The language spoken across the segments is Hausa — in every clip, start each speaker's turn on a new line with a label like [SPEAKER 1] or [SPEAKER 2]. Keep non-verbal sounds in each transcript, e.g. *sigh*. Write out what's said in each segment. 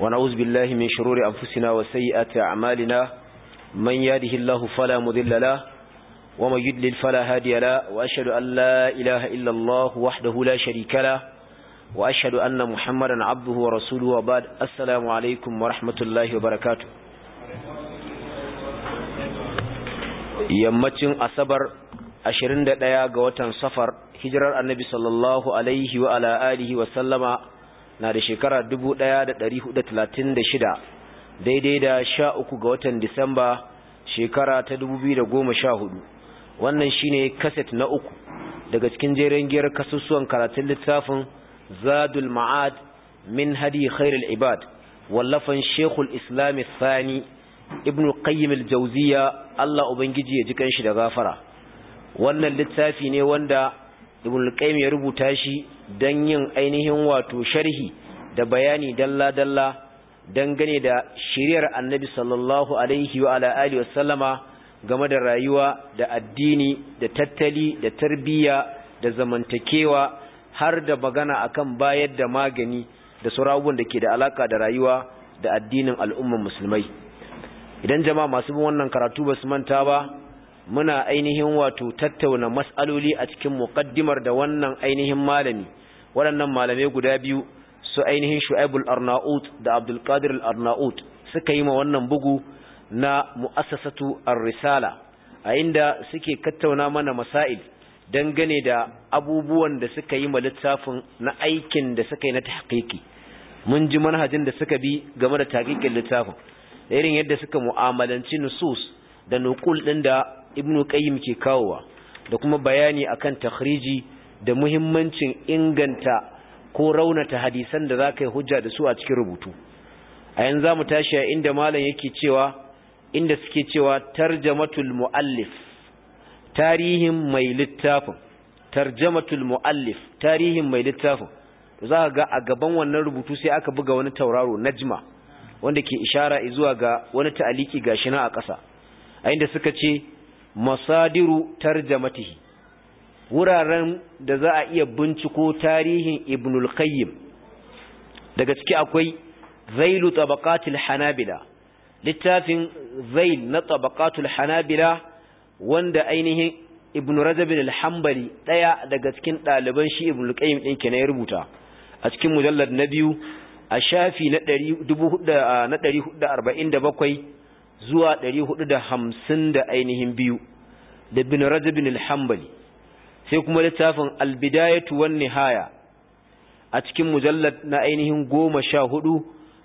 [SPEAKER 1] ونعوذ بالله من شرور أنفسنا وسيئات أعمالنا من يهده الله فلا مذل له ومن يدلل فلا هادي له وأشهد أن لا إله إلا الله وحده لا شريك له وأشهد أن محمدا عبده ورسوله وبعد السلام عليكم ورحمة الله وبركاته yammacin asabar 21 ga watan safar hijirar annabi sallallahu alaihi wa ala alihi wa sallama na da shekara 1436 daidai da 13 ga watan Disamba shekara ta 2014 wannan shine kaset na uku daga cikin jerin giyar kasusuwan karatun littafin Zadul Ma'ad min Hadi Khairul Ibad wallafan shekul Islam Sani, Ibn Qayyim al-Jawziya Allah ubangiji ya ji kanshi da gafara wannan littafi ne wanda ibn al-qayyim ya rubuta shi dan yin ainihin wato sharhi da bayani dalla dalla dangane da shiriyar annabi sallallahu alaihi wa ala alihi sallama game da rayuwa da addini da tattali da tarbiyya da zamantakewa har da magana akan bayar da magani da sauran da ke da alaka da rayuwa da addinin al'ummar musulmai idan jama'a masu bin wannan karatu ba su manta ba muna ainihin wato tattauna mas'aloli a cikin muqaddimar da wannan ainihin malami waɗannan malamai guda biyu su ainihin Shu'aibul Arnaut da Abdul Qadir Al-Arnaut suka yi ma wannan bugu na Mu'assasatu Ar-Risala a inda suke kattauna mana masail dangane da abubuwan da suka yi ma littafin na aikin da suka yi na tahqiqi mun ji manhajin da suka bi game da tahqiqin littafin irin yadda suka mu'amalanci nusus da nuqul din da ibn qayyim ke kawowa da kuma bayani akan takhriji da muhimmancin inganta ko raunata hadisan da zaka yi hujja da su a cikin rubutu a yanzu zamu tashi a inda malam yake cewa inda suke cewa tarjamatul muallif tarihin mai littafin tarjamatul muallif tarihin mai littafin za ka ga a gaban wannan rubutu sai aka buga wani tauraro najma wanda ke ishara zuwa ga wani ta'aliki gashi na a ƙasa a inda suka ce masadiru tarjamatihi wuraren da za a iya binciko tarihin ibnul qayyim daga ciki akwai zailu tabaqatul hanabila littafin zail na tabaqatul hanabila wanda ainihin ibn rajab al-hanbali daya daga cikin ɗaliban shi ibn qayyim din ke ne rubuta a cikin mujallad na biyu a shafi na 447 zuwa 450 da ainihin biyu da bin rajab bin al sai kuma littafin al-bidayatu wan nihaya a cikin mujallar na ainihin goma sha hudu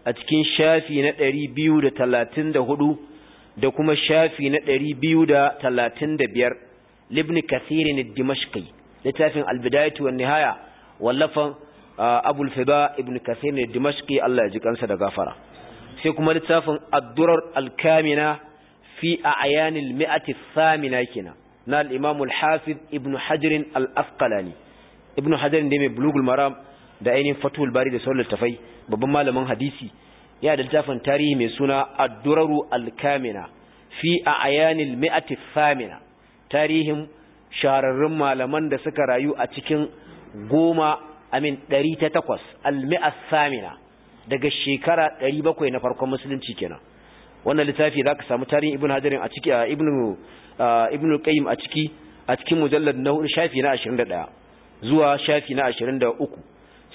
[SPEAKER 1] a cikin shafi na 234 da kuma shafi na 235 libni kathirin ad-dimashqi littafin al-bidayatu wan nihaya wallafan ah, abul fida ibn kathir ad-dimashqi Allah ya ji kansa da gafara sai kuma littafin addurar alkamina fi a ayanil mi'ati samina kina na al'imamu hafiz ibn hajirin al ibn hajirin da mai bulugul maram da ainihin fatul bari da sauran littafai babban malamin hadisi ya da littafin tarihi mai suna adduraru alkamina fi a ayanil mi'ati samina tarihin shahararrun malaman da suka rayu a cikin goma amin ɗari ta takwas al-mi'a samina daga shekara 700 na farkon musulunci kenan wannan littafi zaka samu tarihin ibnu hajarin a ciki ibnu ibnu qayyim a ciki a cikin mujallad na shafi na 21 zuwa shafi na 23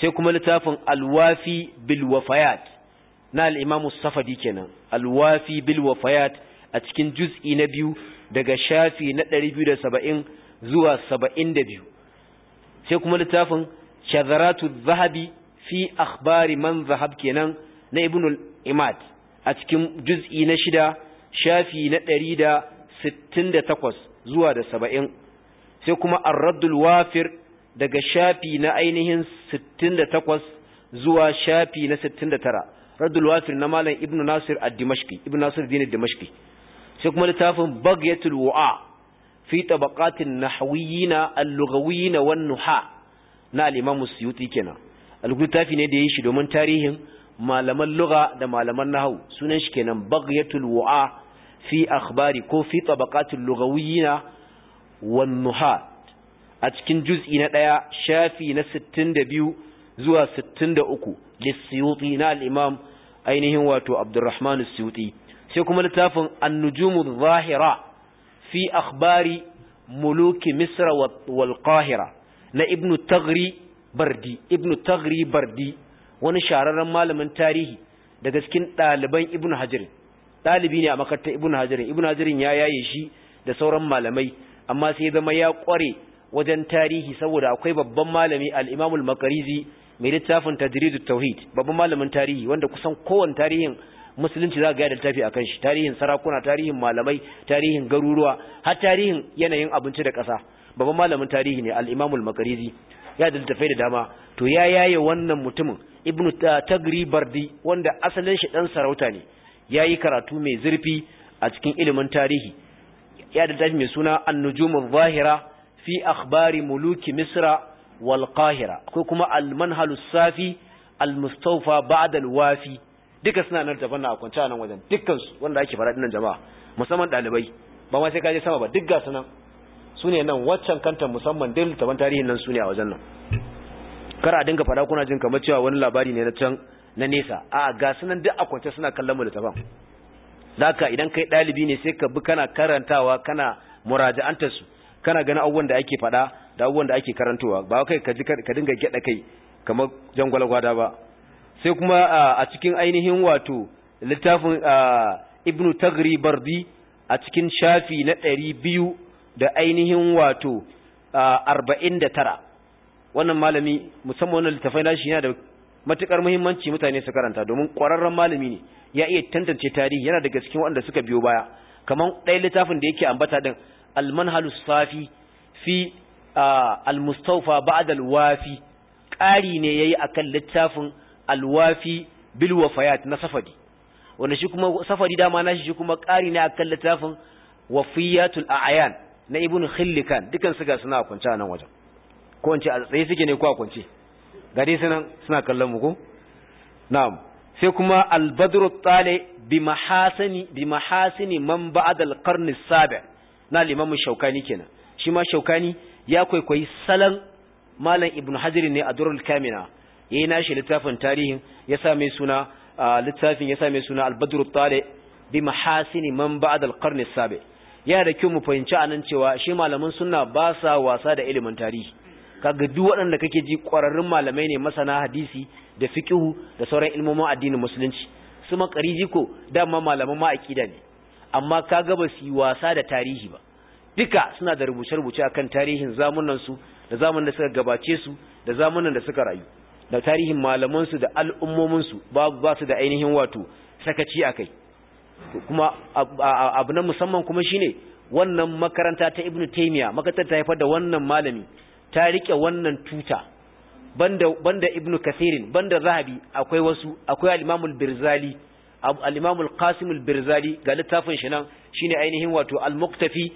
[SPEAKER 1] sai kuma littafin alwafi bil wafayat na al-imamu safadi kenan alwafi bil wafayat a cikin juz'i na biyu daga shafi na 270 zuwa 72 sai kuma littafin shazaratu zahabi fi akhbari man zahab kenan na ibn imad a cikin juz'i na shida shafi na ɗari da sittin da takwas zuwa da saba'in sai kuma arraddul wafir daga shafi na ainihin sittin da takwas zuwa shafi na sittin da tara raddul wafir na malam ibn nasir ad-dimashqi ibn nasir ad-dimashqi sai kuma littafin bagyatul wa'a fi tabaqatin nahwiyina al-lughawiyina wan nuha na al-imam suyuti kenan littafi ne da ya yi shi domin tarihin malaman lugha da malaman nahau sunan shi kenan baghyatul wu'a fi akhbari ko fi tabaqatil lughawiyina wan nuhat a cikin juz'i na daya shafi na 62 zuwa 63 lisiyuti na al-imam ainihin wato abdurrahman as-suyuti sai kuma littafin an-nujumuz zahira fi akhbari muluki misra wal qahira na ibnu taghri bardi ibnu tagri bardi wani shararren malamin tarihi daga cikin ɗaliban ibnu hajar ɗalibi ne a makarantar ibnu hajar ibnu hajar ya yaye shi da sauran malamai amma sai zama ya ƙware wajen tarihi saboda akwai babban malami al-imam al-makarizi mai littafin tajridut tauhid babban malamin tarihi wanda kusan kowanne tarihin musulunci za ga da littafi akan shi tarihin sarakuna tarihin malamai tarihin garuruwa har tarihin yanayin abinci da ƙasa babban malamin tarihi ne al-imam al-makarizi ya da da dama to ya yaye wannan mutumin ibnu tagri bardi wanda asalin shi dan sarauta ne yayi karatu mai zurfi a cikin ilimin tarihi ya da mai suna an-nujum fi akhbari muluki misra wal qahira akwai kuma al-manhal safi al-mustawfa ba'da al-wafi duka suna nan tafanna a kwance a nan wajen dukkan su wanda ake fara dinnan jama'a musamman dalibai ba ma sai ka je sama ba duk ga sunan su ne nan waccan kanta musamman dai littafan tarihin nan su ne a wajen nan kar a dinga fada kuna jin kamar cewa wani labari ne na can na nesa a ga su nan duk a kwance suna kallon mu littafan zaka idan kai ɗalibi ne sai ka bi kana karantawa kana muraja'antar su kana ganin abubuwan da ake fada da abubuwan da ake karantowa ba kai ka ji ka dinga gyada kai kamar jangwalgwada ba sai kuma a cikin ainihin wato littafin ibnu tagri bardi a cikin shafi na ɗari biyu da ainihin wato arba'in da tara wannan malami musamman wannan littafai nashi yana da matukar muhimmanci mutane su karanta domin ƙwararren malami ne ya iya tantance tarihi yana daga cikin waɗanda suka biyo baya kamar ɗaya littafin da yake ambata din almanhalus safi fi almustawfa ba'd alwafi ƙari ne yayi akan littafin alwafi bil wafayat na safadi wanda shi kuma safadi dama nashi shi kuma ƙari ne akan littafin wafiyatul a'yan na ibn khillikan dukan su ga suna kwance a nan wajen ko in a tsaye suke ne ko a kwance gare su nan suna kallon mu ko na'am sai kuma al-badru tale bi mahasani bi mahasini man ba'da al-qarn as-sabi' na limamin shaukani kenan shi ma shaukani ya kwaikwayi salan malam ibn hajar ne a durul kamina yayi nashi littafin tarihin ya sa mai suna littafin ya sa mai suna al-badru tale bi mahasini man ba'da al-qarn as-sabi' yana da kyau mu fahimci a nan cewa shi malaman suna ba sa wasa da ilimin tarihi kaga duk waɗanda kake ji ƙwararrun malamai ne masana hadisi da fiqhu da sauran ilmomin addinin musulunci su makariji ko dama malaman ma aqida ne amma kaga ba su wasa da tarihi ba duka suna da rubuce-rubuce akan tarihin zamunan su da zamanin da suka gabace su da zamanin da suka rayu da tarihin malaman su da al'ummomin su ba ba su da ainihin wato sakaci akai kuma abu na musamman kuma shine wannan makaranta ta ibnu taymiya makarantar ta haifar da wannan malami ta rike wannan tuta banda banda ibnu kathirin banda zahabi akwai wasu akwai al-imam al-birzali al-imam al-qasim al-birzali ga littafin shi nan shine ainihin wato al-muqtafi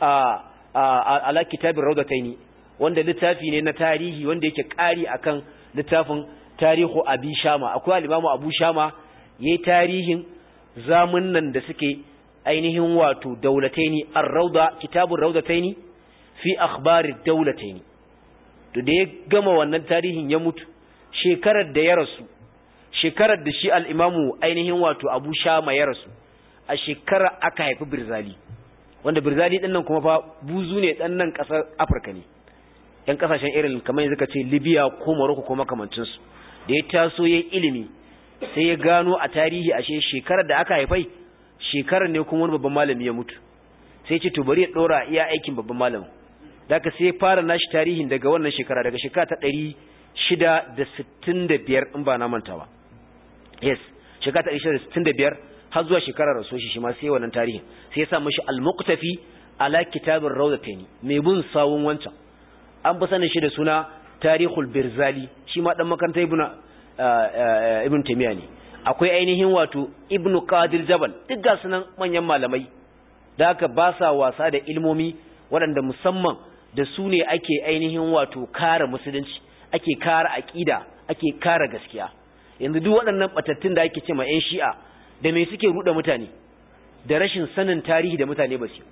[SPEAKER 1] ala kitabir rawdataini wanda littafi ne na tarihi wanda yake kari akan littafin tarihu abi shama akwai al-imam abu shama yayi tarihin zamunnan da suke ainihin wato daulataini ar-rauda kitabur raudataini fi akhbari daulataini to da ya gama wannan tarihin ya mutu shekarar da ya rasu shekarar da shi al-imamu ainihin wato Abu Shama ya rasu a shekara aka haifi Birzali wanda Birzali din nan kuma fa buzu ne dan nan kasar Afirka ne yan kasashen irin kamar yanzu ka ce Libya ko Morocco ko makamancin su da ya taso yayin ilimi sai ya gano a tarihi ashe shekarar da aka haifai shekarar ne kuma wani babban malami ya mutu sai ce to bari ya dora iya aikin babban malami daga sai fara nashi tarihin daga wannan shekara daga shekara ta ɗari shida da sittin da biyar in ba na manta ba yes shekara ta ɗari shida da sittin da biyar har zuwa shekarar rasu shi ma sai wannan tarihin sai ya sa mashi al-muqtafi ala kitabin rawdatani mai bin sawun wancan an fi sanin shi da suna tarihul birzali shi ma dan makaranta ibnu ibn taymiya ne akwai ainihin wato ibn qadir jabal duk ga sunan manyan malamai da aka ba sa wasa da ilmomi waɗanda musamman da su ne ake ainihin wato kare musulunci ake kare aƙida ake kare gaskiya yanzu duk waɗannan batattun da ake ce ma 'yan shi'a da me suke ruɗa mutane da rashin sanin tarihi da mutane ba su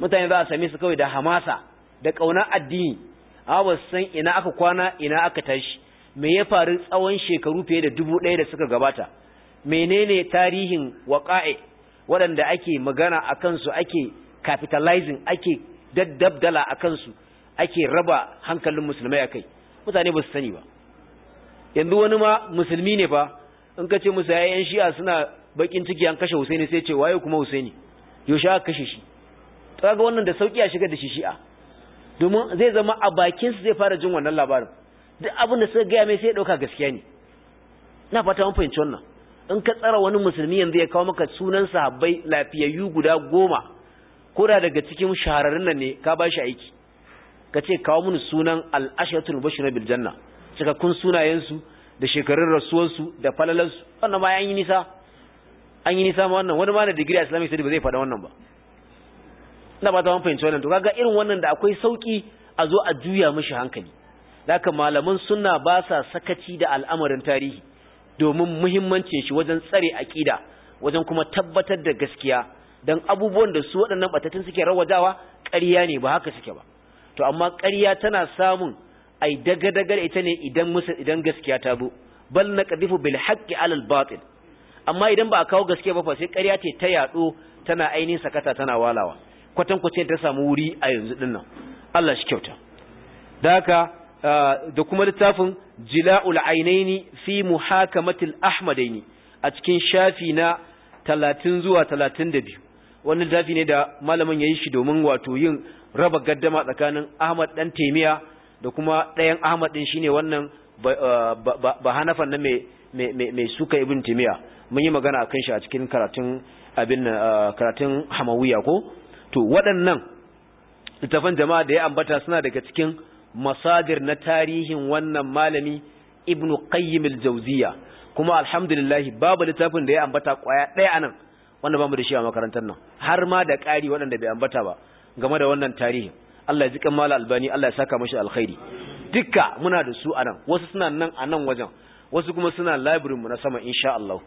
[SPEAKER 1] mutane za a same su kawai da hamasa da ƙauna addini a san ina aka kwana ina aka tashi me ya faru tsawon shekaru fiye da dubu ɗaya da suka gabata menene tarihin waƙa'i waɗanda ake magana a kansu ake capitalizing ake daddabdala a kansu ake raba hankalin musulmai a kai mutane ba su sani ba yanzu wani ma musulmi ne fa in ka ce musu yayan shi'a suna bakin ciki an kashe husaini sai ce waye kuma husaini yaushe aka kashe shi Ta ga wannan da sauki a shigar da shi shi'a domin zai zama a bakinsu zai fara jin wannan labarin duk abin da suka gaya mai sai ya ɗauka gaskiya ne na fata mun fahimci wannan in ka tsara wani musulmi yanzu ya kawo maka sunan sahabbai lafiyayyu guda goma ko da daga cikin shahararrun nan ne ka ba shi aiki ka ce kawo mini sunan al'ashatul bashir bil janna cikakkun sunayensu da shekarun rasuwarsu da falalansu wannan ma an yi nisa an yi nisa ma wannan wani ma da digiri islamic study ba zai faɗa wannan ba ina ba ta wani fahimci wannan to kaga irin wannan da akwai sauki a zo a juya mishi hankali Daka malaman sunna ba sa sakaci da al'amarin tarihi domin muhimmancin shi wajen tsare aƙida wajen kuma tabbatar da gaskiya don abubuwan da su waɗannan batattun suke rawajawa ƙarya ne ba haka suke ba to amma ƙarya tana samun ai daga-daga ita ne idan musu idan gaskiya ta bu bal naqdifu bil haqqi alal batil amma idan ba a kawo gaskiya ba fa sai ƙarya ce ta yaɗo tana ainihin sakata tana walawa kwatan kwace ta samu wuri a yanzu dinnan Allah shi kyauta da haka da kuma littafin jila'ul ainaini fi muhakamatil ahmadaini a cikin shafi na 30 zuwa 32 wannan littafi ne da malamin ya yi shi domin wato yin raba gaddama tsakanin Ahmad dan Temiya da kuma ɗayan Ahmad din shine wannan ba uh, hanafan na mai suka ibn Temiya mun yi magana akan shi a cikin karatun abin uh, karatun ko to waɗannan littafan jama'a da ya ambata suna daga cikin masadir na tarihin wannan malami ibn qayyim al-jawziya kuma alhamdulillah babu littafin da ya ambata kwaya daya anan wanda bamu da shi a makarantar nan har ma da ƙari waɗanda bai ambata ba game da wannan tarihin Allah ya ji kammala albani Allah ya saka mashi alkhairi dukka muna da su anan wasu suna nan anan wajen wasu kuma suna library mu na sama insha Allah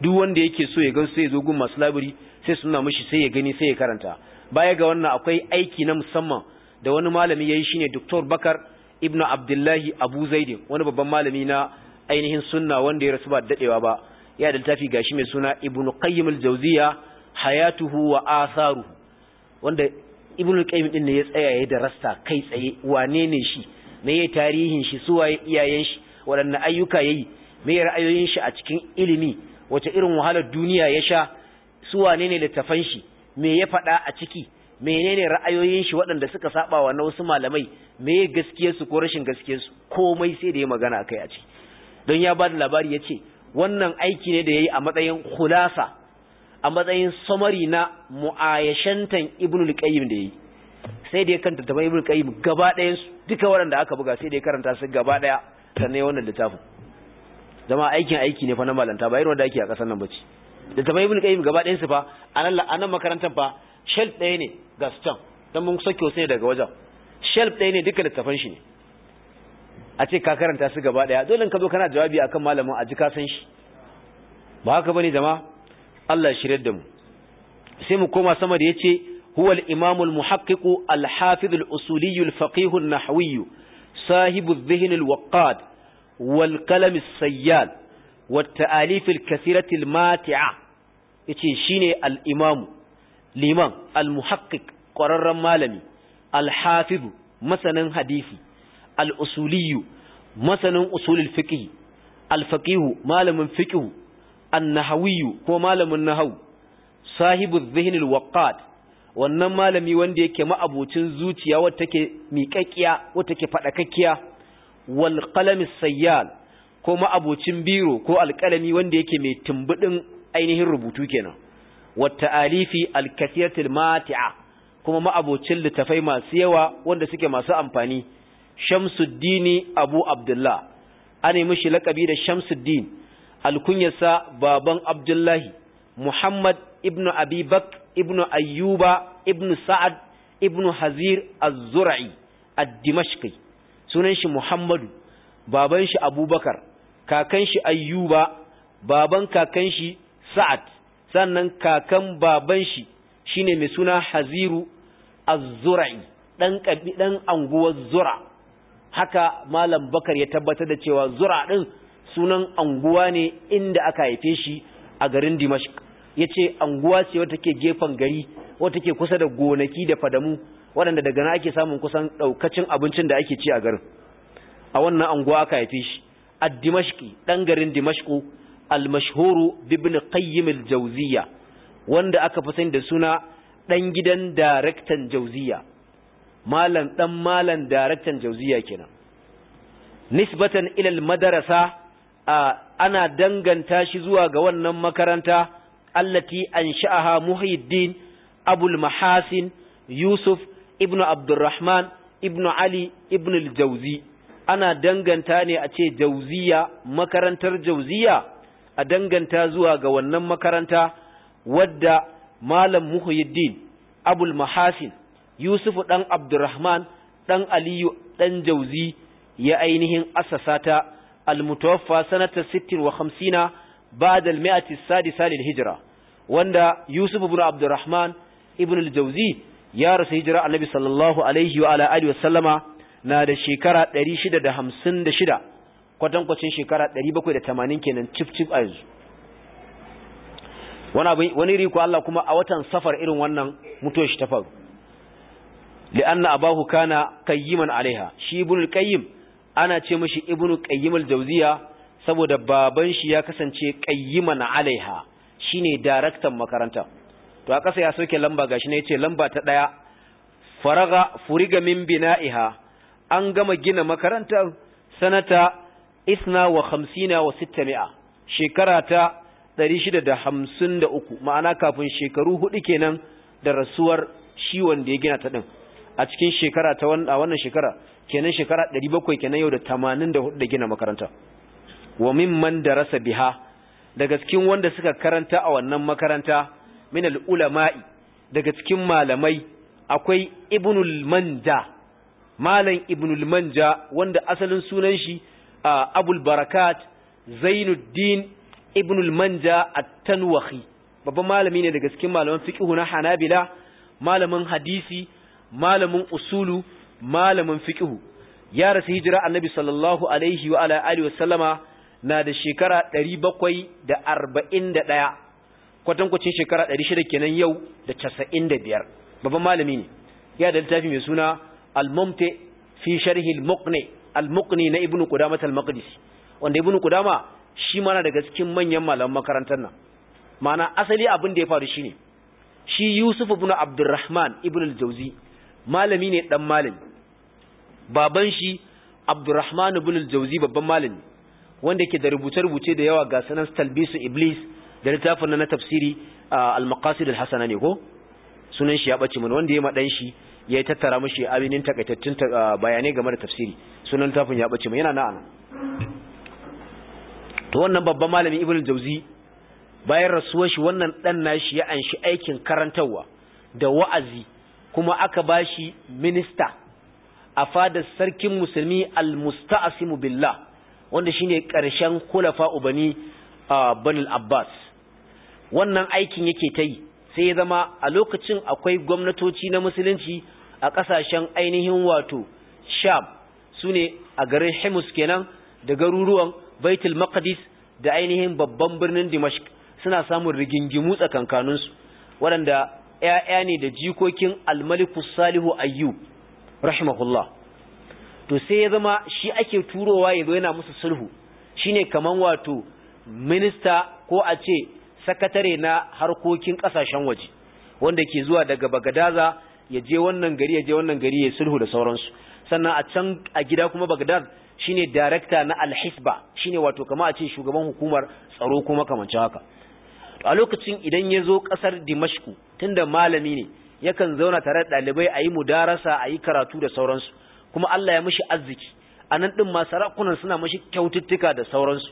[SPEAKER 1] duk wanda yake so ya ga sai ya zo gun masu labiri sai suna mashi sai ya gani sai ya karanta baya ga wannan akwai aiki na musamman da wani malami yayi shine Dr. Bakar Ibn Abdullahi Abu Zaid wani babban malami na ainihin sunna wanda ya rasu ba dadewa ba ya da littafi gashi mai suna Ibn Qayyim al-Jawziya Hayatuhu wa Atharuhu wanda Ibn Qayyim din ne ya tsaya ya da rasta kai tsaye wane ne shi me yayi tarihin shi suwaye iyayen shi waɗanne ayyuka yayi me ra'ayoyin shi a cikin ilimi wace irin wahalar duniya ya sha su wane ne littafan shi me ya faɗa a ciki menene ra'ayoyin shi waɗanda suka saba wa na wasu malamai me gaskiyar su ko rashin gaskiyar su komai sai da ya magana akai a ciki don ya ba da labari ya ce wannan aiki ne da ya yi a matsayin hulasa a matsayin samari na mu'ayashantan ibnul qayyim da ya yi sai da ya kanta ta ibnul qayyim gaba ɗayan su duka waɗanda aka buga sai da ya karanta su gaba ɗaya sannan ya wannan littafin zama aikin aiki ne fa na malanta ba irin wanda ake a ƙasar nan bace da ta ibnul qayyim gaba ɗayan su fa a nan makarantar fa shelf ɗaya ne ga can don mun sauke wasu ne daga wajen shelf ɗaya ne duka littafan shi ne a ce ka karanta su gaba ɗaya dole ka zo kana jawabi akan malamin a ji ka san shi ba haka bane zama Allah ya shirye da mu sai mu koma sama da yace huwa al-imam al-muhaqqiq al-hafiz al-usuli al-faqih an-nahwi sahib adh-dhihn al-waqqad wal-qalam as-sayyal wat-ta'alif al-kathirah al-mati'a yace shine al-imam liman al-muhaqqiq ƙwararren malami al-hafidu masanin hadisi al-usuliyu masanin usulul fikihi, al-faqihu malamin fiqhu an ko malamin nahwu sahibu dhihn al-waqqat wannan malami wanda yake ma'abocin zuciya wacce take miƙaƙiya wacce take fadakakkiya wal qalam sayyal ko ma'abocin biro ko alƙalami wanda yake mai tumbudin ainihin rubutu kenan wata alifi alkasiyatul mati'a kuma ma'abocin littafai masu yawa wanda suke masu amfani shamsuddini abu abdullah an yi mishi laƙabi da shamsuddin alkunyarsa baban abdullahi muhammad ibnu abibak ibnu ayyuba ibnu sa'ad ibnu hazir az-zura'i ad sunan shi muhammadu baban shi abubakar kakan shi ayyuba baban kakan shi sa'ad sannan kakan baban shi shine mai suna haziru az-zura'i dan kabi dan anguwar zura haka malam bakar ya tabbatar da cewa zura din sunan anguwa ne inda aka haife shi a garin dimashq yace anguwa ce wata ke gefen gari wata ke kusa da gonaki da fadamu waɗanda daga nan ake samun kusan ɗaukacin abincin da ake ci a garin a wannan anguwa aka haife shi a Dimashq dan garin Dimashq Almashuru mashhuru ibn jawziya wanda aka fi sani da suna ɗan gidan daraktan jawziya malam ɗan malam daraktan jawziya kenan nisbatan ilal madarasa. a ana danganta shi zuwa ga wannan makaranta allati ansha'aha muhyiddin abul mahasin yusuf ibn abdurrahman ibn ali ibn jawzi ana danganta ne a ce jauziya makarantar jauziya a danganta zuwa ga wannan makaranta wadda malam muhyiddin abul mahasin yusufu dan abdurrahman ɗan aliyu ɗan jauzi ya ainihin asasa ta almutawaffa sanata 56 ba'da al-mi'ati as-sadisa lil hijra wanda yusuf ibn abdurrahman ibn al-jauzi ya rasu hijira annabi sallallahu alaihi wa ala alihi wa sallama na da shekara 656 kwatankwacin shekara 780 kenan cif cif a yanzu wani riko Allah kuma a watan safar irin wannan mutuwar shi ta faru li'anna abahu kana kayyiman alaiha shi ibnul qayyim ana ce mashi ibnul qayyim al saboda baban shi ya kasance qayyiman alaiha shine daraktan makaranta to a ƙasa ya soke lamba gashi ya ce lamba ta ɗaya, faraga furiga min bina'iha an gama gina makarantar sanata isna wa hamsina wa sittami'a shekara ta shida da da hamsin uku, ma'ana kafin shekaru hudu kenan da rasuwar shi wanda ya gina ta din a cikin shekara ta wannan shekara kenan shekara bakwai kenan yau da tamanin da hudu da gina makaranta wa mimman darasa biha daga cikin wanda suka karanta a wannan makaranta min al'ulama'i daga cikin malamai akwai ibnul manja malam ibnul manja wanda asalin sunan shi abul barakat zainuddin ibnul manja at-tanwahi babban malami ne daga cikin malaman fiqhu na hanabila malamin hadisi malamin usulu malamin fiqhu ya rasu hijira annabi sallallahu alaihi wa ala alihi wa sallama na da shekara 741 kwatankwacin shekara 600 kenan yau da 95 babban malami ne ya da littafi mai suna almamte fi sharhi al-muqni al-muqni na ibnu Kudama al maqdis wanda ibnu Kudama shi mana daga cikin manyan malaman makarantar nan mana asali abin da ya faru shine shi yusuf ibn abdurrahman ibn al-jawzi malami ne dan malami baban shi abdurrahman ibn al-jawzi babban malami wanda yake da rubuce-rubuce da yawa ga sanan talbisu iblis da littafin na tafsiri ah, al-maqasid al-hasana ne ko sunan shi ya bace mana wanda ya madan shi ya tattara mashi abinin takaitattun ah, bayanai game da tafsiri sunan tafin ya ɓace mai yana na'ana ta wannan babban malamin ibn jauzi bayan rasuwar shi wannan dan nashi ya anshi aikin karantarwa da wa'azi kuma aka ba shi minista a fadar sarkin musulmi al-musta'simu billah wanda shine ƙarshen kulafa ubani a banil abbas wannan aikin yake ta yi sai ya zama a lokacin akwai gwamnatoci na musulunci a ƙasashen ainihin wato sham su ne a garin hemus kenan da garuruwan baitul maqdis da ainihin babban birnin dimashq suna samun rigingimu tsakankaninsu waɗanda ‘ya'ya ne da jikokin almaliku salihu ayyu rahimahullah to sai ya zama shi ake turowa ya yana musu sulhu shi ne kamar wato minista ko a ce sakatare na harkokin ƙasashen waje wanda ke zuwa daga bagadaza ya je wannan gari ya je wannan gari ya sulhu da sauransu sannan a can a gida kuma Baghdad shine director na al-hisba shine wato kamar a ce shugaban hukumar tsaro kuma kamancin haka a lokacin idan ya zo kasar Dimashku tunda malami ne yakan zauna tare da dalibai ayi yi mudarasa ayi karatu da sauransu kuma Allah ya mishi arziki anan nan ɗin ma sarakunan suna mashi kyaututtuka da sauransu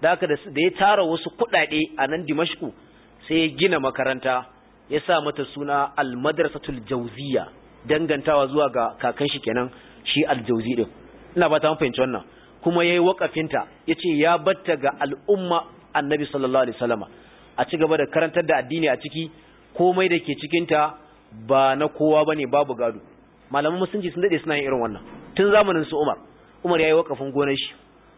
[SPEAKER 1] da haka da ya tara wasu kuɗaɗe a nan dimashku sai ya gina makaranta ya sa mata suna almadrasatul jauziya dangantawa zuwa ga kakan shi kenan shi aljauzi din ina ba ta fahimci wannan kuma yayi wakafinta yace ya batta ga al'umma annabi sallallahu alaihi wasallama a ci gaba da karantar da addini a ciki komai da ke cikin ta ba na kowa bane babu gado malaman musulunci sun dade suna yin irin wannan tun zamanin su Umar Umar yayi wakafin gonar shi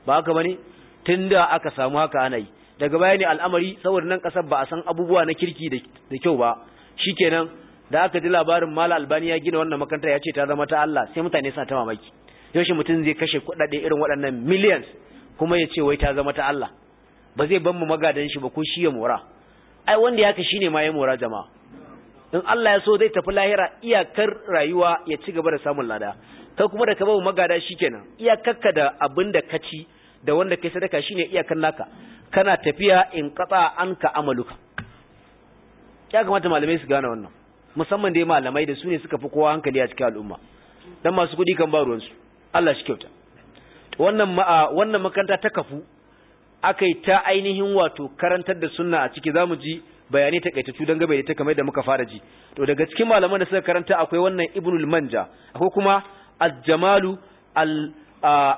[SPEAKER 1] ba haka bane tunda aka samu haka ana yi daga baya ne al'amari saboda nan kasar ba a san abubuwa na kirki da kyau ba Shi kenan da aka ji labarin mala albani ya gina wannan makaranta ya ce ta zama ta Allah sai mutane sa ta mamaki yaushe mutum zai kashe kuɗaɗe irin waɗannan millions kuma ya ce wai ta zama ta Allah ba zai ban mu magadan shi ba ko shi ya mora ai wanda ya ka shine ma ya mora jama'a in Allah ya so zai tafi lahira iyakar rayuwa ya ci gaba da samun lada kai kuma da ka mu magada shikenan iyakarka da abin da ka ci da wanda ke sadaka shine iyakan naka kana tafiya in qata anka amaluka ya kamata malamai su gane wannan musamman dai malamai da su ne suka fi kowa hankali a cikin al'umma dan masu kudi kan ba ruwansu Allah shi kyauta wannan wannan makaranta ta kafu akai ta ainihin wato karantar da sunna a ciki zamu ji bayani ta bayanai takaitattu dan gabe da ta kamar da muka fara ji to daga cikin malaman da suka karanta akwai wannan ibnul manja akwai kuma al-jamalu al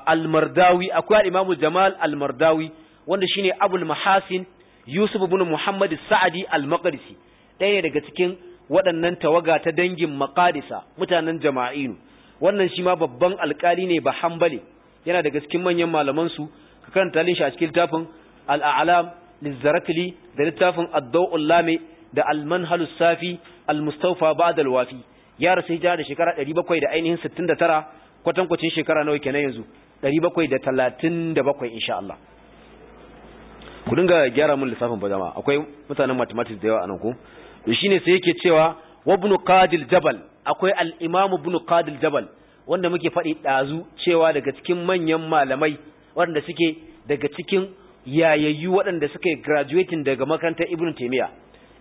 [SPEAKER 1] almardawi akwai al'imamu jamal almardawi wanda shine abul mahasin yusuf ibn muhammad sa'adi al-maqdisi ɗaya daga cikin waɗannan tawaga ta dangin maqadisa mutanen jama'inu wannan shi ma babban alƙali ne ba hambali yana daga cikin manyan malaman su ka karanta lin shi a cikin littafin al-a'lam lizarakli da littafin ad-daw'ul lami da al-manhalus safi al-mustawfa ba'da al-wafi ya rasu hijira da shekara 700 da ainihin kwatankwacin shekara nawa kenan yanzu 737 insha Allah ku dinga gyara mun lissafin ba jama'a akwai mutanen mathematics da yawa anan shi ne sai yake cewa wabnu qadil jabal akwai al-imam ibn qadil jabal wanda muke faɗi ɗazu cewa daga cikin manyan malamai waɗanda suke daga cikin yayayyu waɗanda suka yi graduating daga makarantar ibn taimiyya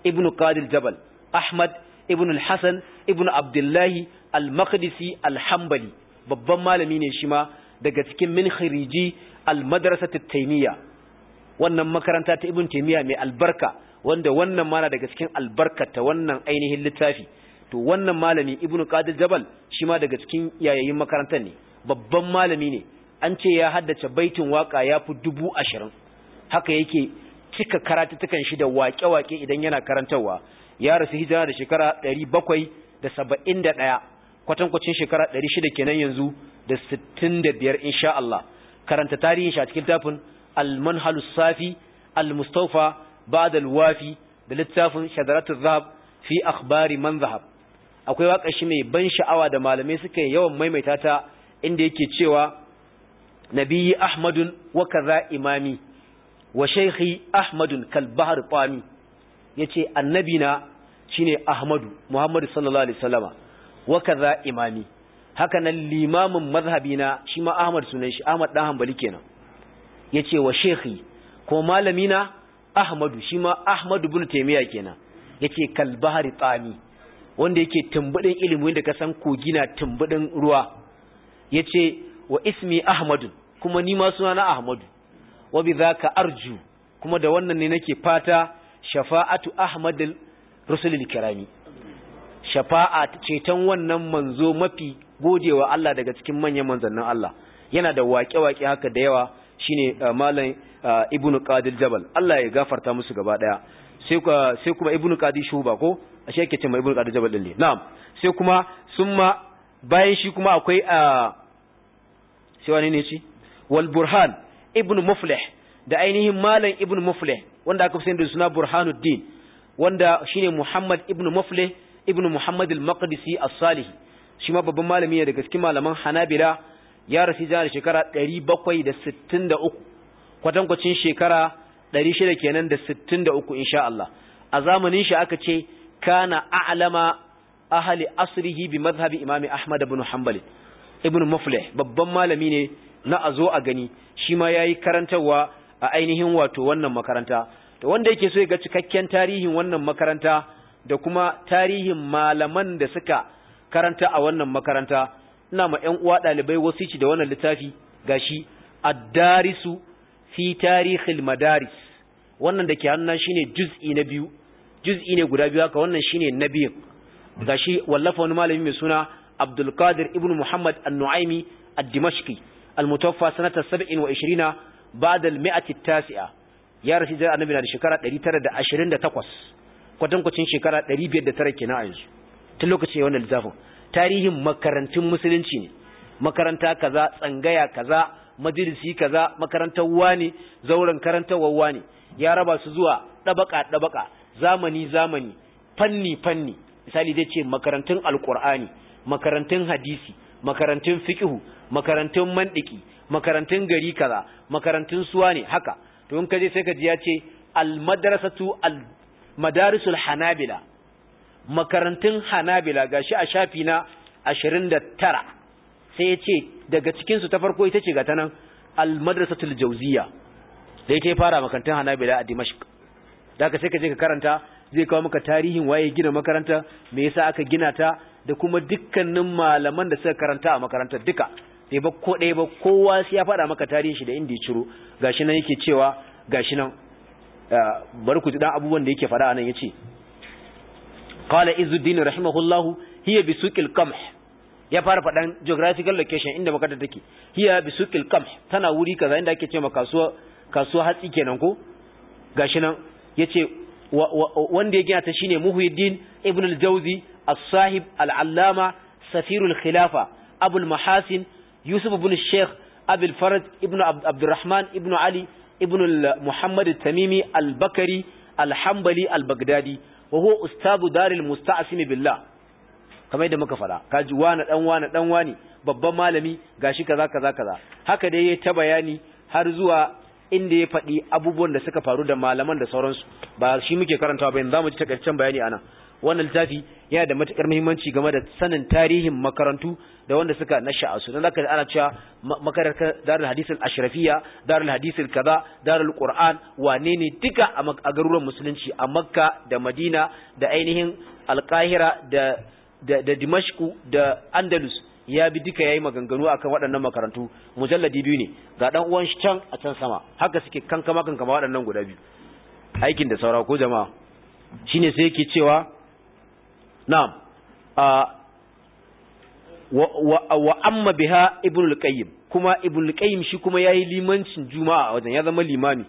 [SPEAKER 1] ibn qadil jabal ahmad ibn al-hasan ibn abdullahi al-maqdisi al-hanbali babban malami ne shi ma daga cikin min khiriji al-madrasat wannan makaranta ta ibn taymiya mai albarka wanda wannan mala daga cikin albarka ta wannan ainihin littafi to wannan malami ibn qadir jabal shi ma daga cikin yayayin makarantar ne babban malami ne an ce ya haddace baitin waka ya fi dubu ashirin haka yake cika karatutukan shi da waƙe-waƙe idan yana karantarwa ya rasu hijira da shekara ɗari bakwai da saba'in da ɗaya kwatankwacin shekara 600 kenan yanzu da 65 insha Allah karanta tarihin shi a cikin tafin al-manhalus safi al-mustawfa ba'da al-wafi da littafin shadaratul zahab fi akhbari man zahab akwai waƙar shi mai ban sha'awa da malamai suka yawan maimaita ta inda yake cewa nabiyyi ahmadun wa kaza imami wa shaykhi ahmadun kal bahr qami yace annabina shine ahmadu muhammadu sallallahu alaihi wasallama wa kaza imami haka nan limamin mazhabi na shi ma Ahmad sunan shi Ahmad dan Hanbali kenan yace wa shekhi ko malamina Ahmadu shi ma Ahmad ibn Taymiya kenan yace kal bahri tsami wanda yake tumbudin ilimi wanda ka san kogi na tumbudin ruwa yace wa ismi Ahmadu kuma ni ma suna na Ahmadu wa bidhaka arju kuma da wannan ne nake fata shafa'atu Ahmadul rusulil kirami shafa'a ceton wannan manzo mafi godewa Allah daga cikin manyan manzannin Allah yana da waƙe-waƙe haka da yawa shine uh, malam uh, ibnu qadil jabal Allah ya gafarta musu gaba daya sai kuma uh, sai kuma ibnu qadi shuba ko ashe yake cewa ibnu qadil jabal din ne na'am sai kuma summa bayan shi kuma akwai sai wani ne shi wal burhan ibnu muflih da ainihin malam ibnu muflih wanda aka fi sani da suna burhanuddin wanda shine muhammad ibnu muflih ibn muhammad al-maqdisi as-salih shi ma babban malami ne daga cikin malaman hanabila ya rasu jihar shekara 763 kwatankwacin shekara 600 kenan da 63 insha Allah a zamanin shi aka ce kana a'lama ahli asrihi bi madhhabi imami ahmad ibn hanbal ibn muflih babban malami ne na azo a gani shi ma yayi karantawa a ainihin wato wannan makaranta to wanda yake so ya ga cikakken tarihin wannan makaranta da kuma tarihin malaman da suka karanta a wannan makaranta ina ma ƴan uwa ɗalibai ci da wannan littafi gashi ad-darisu fi tarihil madaris wannan da ke hannun shine juz'i na biyu juz'i ne guda biyu haka wannan shine na biyu gashi wallafa wani malami mai suna Abdul Qadir ibn Muhammad An-Nu'aimi Ad-Dimashqi al-mutawaffa sanata 27 ba'da al-mi'ati at-tasi'a ya rasu da annabi na da shekara 928 kwatankwacin shekara 509 na a yanzu tun lokaci wannan littafin tarihin makarantun musulunci ne makaranta kaza tsangaya kaza majalisi kaza makarantar wani zauren karantar wani ya raba su zuwa dabaka dabaka zamani zamani fanni fanni misali zai ce makarantun alkur'ani makarantun hadisi makarantun fiƙihu, makarantun mandiki makarantun gari kaza makarantun suwa ne haka to in ka je sai ka ji ya ce al madrasatu al madarisul hanabila makarantun hanabila gashi a shafi na 29 sai ya ce daga cikinsu ta farko ita ce ga ta nan almadrasatul jauziya da ita ya fara makarantun hanabila a dimashq da ka sai ka je ka karanta zai kawo maka tarihin waye gina makaranta me yasa aka gina ta da kuma dukkanin malaman da suka karanta a makarantar duka sai ba ko ba kowa sai ya faɗa maka tarihin shi da inda ya ciro gashi nan yake cewa gashi nan bari ku ji dan abubuwan da yake fada anan yace qala izuddin rahimahullahu hiya bisuqil qamh ya fara fadan geographical location inda makata take hiya bisuqil qamh tana wuri kaza inda ake cewa kasuwa kasuwa hatsi kenan ko gashi nan yace wanda ya gina ta shine Muhyiddin Ibn al-Jawzi as-Sahib al-Allama Safir al-Khilafa Abu mahasin Yusuf ibn Sheikh Abu faraj Ibn Abdurrahman Ibn Ali ibn muhammad tamimi al-bakari al-hambali al-baghdadi wa huwa ustadu daril musta'sim billah kamar yadda muka fada kaji wani dan wani dan wani babban malami gashi kaza kaza kaza haka dai yayi ta bayani har zuwa inda ya faɗi abubuwan da suka faru da malaman da sauransu ba shi muke karantawa ba yanzu zamu ji takaitaccen bayani anan wannan littafi yana da matukar muhimmanci game da sanin tarihin makarantu da wanda suka nasha'a su aka zaka ana cewa makarantar darul hadisul ashrafiyya darul hadisul kaza darul qur'an wane ne duka a garuruwan musulunci a makka da madina da ainihin alqahira da da, da dimashku da andalus ya bi duka yayi maganganu akan waɗannan makarantu mujalladi biyu ne ga dan uwan shi can a can sama haka suke kankama kankama waɗannan guda biyu aikin da saura ko jama'a shine sai yake cewa na'am wa amma biha ibn al-qayyim kuma ibn al-qayyim shi kuma yayi limancin juma'a wajen ya zama limami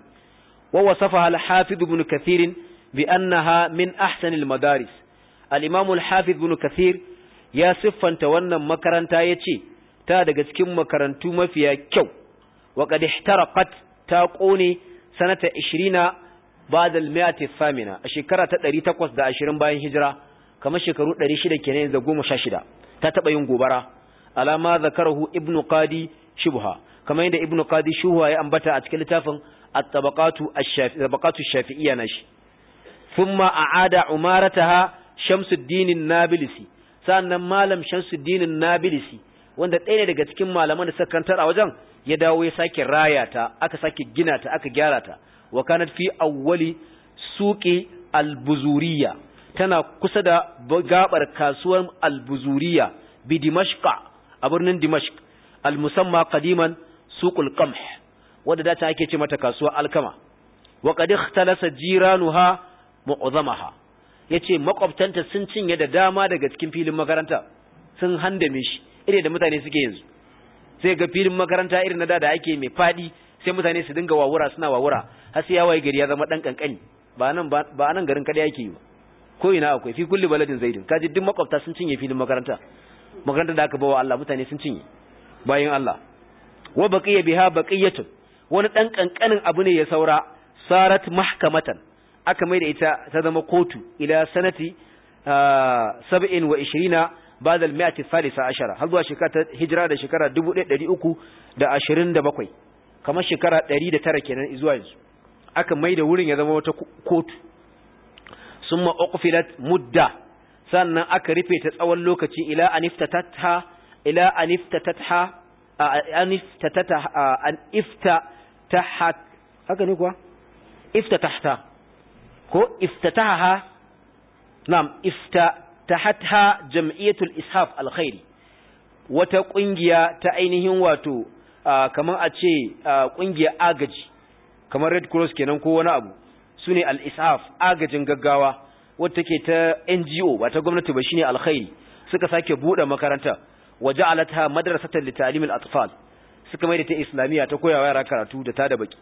[SPEAKER 1] wa wasafaha al-hafiz ibn kathir bi annaha min ahsanil madaris al-imam al-hafiz ibn kathir ya siffanta wannan makaranta yace ta daga cikin makarantu mafiya kyau wa qad ihtaraqat ta kone sanata 20 ba'da al-mi'ati thamina a shekara ta 820 bayan hijira kamar shekaru 600 kenan yanzu 16 ta taba yin gobara alama zakarahu ibnu qadi shubha kamar yadda ibnu qadi shubha ya ambata a cikin littafin at-tabaqatu ash-shafi'iyya shafi'iyya nashi thumma a'ada umarataha shamsuddin an-nabilisi sannan malam shamsuddin an-nabilisi wanda ɗaya ne daga cikin malaman da suka a wajen ya dawo ya sake raya ta aka sake gina ta aka gyara ta wa kanat fi awwali suqi al-buzuriyya tana kusa da gabar kasuwar albuzuriya bi dimashqa a birnin dimashq almusamma qadiman suqul qamh wadda da ta ake ce mata kasuwar alkama wa qad ikhtalasa jiranuha mu'zamaha yace makwabtanta sun cinye da dama daga cikin filin makaranta sun handame shi ire da mutane suke yanzu sai ga filin makaranta irin na da da ake mai fadi sai mutane su dinga wawura suna wawura har sai ya waye gari ya zama dan kankani ba nan ba nan garin kada yake yi ko ina akwai fi kulli baladin zaidun kaji duk makwabta sun cinye filin makaranta makaranta da aka bawa Allah mutane sun cinye bayan Allah wa baqiya biha baqiyatun wani dan kankanin abu ne ya saura sarat mahkamatan aka mai da ita ta zama kotu ila sanati 27 ah, ba'da al-mi'ati al-thalitha ashara har zuwa shekara hijira da shekara 1327 kamar shekara 109 kenan zuwa yanzu aka mai da wurin ya zama wata kotu summa uqfilat mudda sannan aka rufe ta tsawon lokaci ila an iftatahat haka ne kuwa jam'iyyatul ishaf alkhairi wata ƙungiya ta ainihin wato kamar a ce kungiya agaji kamar red cross kenan kowani abu su ne al'isaf agajin gaggawa wadda take ta ngo ba ta gwamnati ba ne alkhairi suka sake buɗe makaranta waje alata da litalimin atfal suka mai da ta islamiyya ta koyawa yara karatu da ta da baki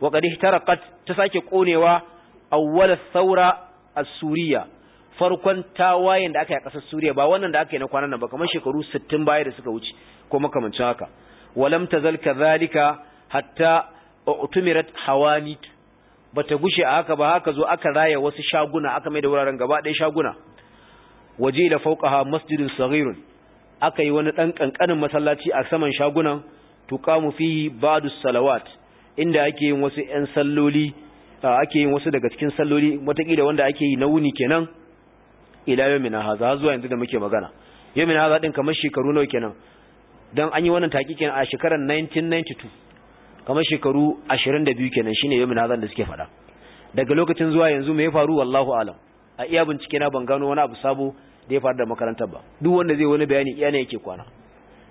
[SPEAKER 1] waƙadi tarakat ta sake ƙonewa awwala saura a suriya farkon tawayen da aka yi a ƙasar suriya ba wannan da aka yi na kwanan nan ba kamar shekaru 60 baya da suka wuce ko makamancin haka walam tazal kadhalika hatta utumirat hawanit Ba ta gushe a haka ba haka zo aka raya wasu shaguna aka mai da wuraren gaba ɗaya shaguna waje da ha masjidin saghirun aka yi wani ɗan ƙanƙanin masallaci a saman shagunan tuƙamu fi ba'du salawat inda ake yin wasu ƴan salloli ake yin wasu daga cikin salloli watakila wanda ake yi na wuni kenan ila yawmin haza zuwa yanzu da muke magana yawmin haza din kamar shekaru nawa kenan dan an yi wannan taki kenan a shekarar 1992 kamar shekaru 22 kenan shine yamin hazan da suke fada daga lokacin zuwa yanzu me ya faru wallahu alam a iya bincike na ban gano wani abu sabo da ya faru da makarantar ba duk wanda zai wani bayani iya ne yake kwana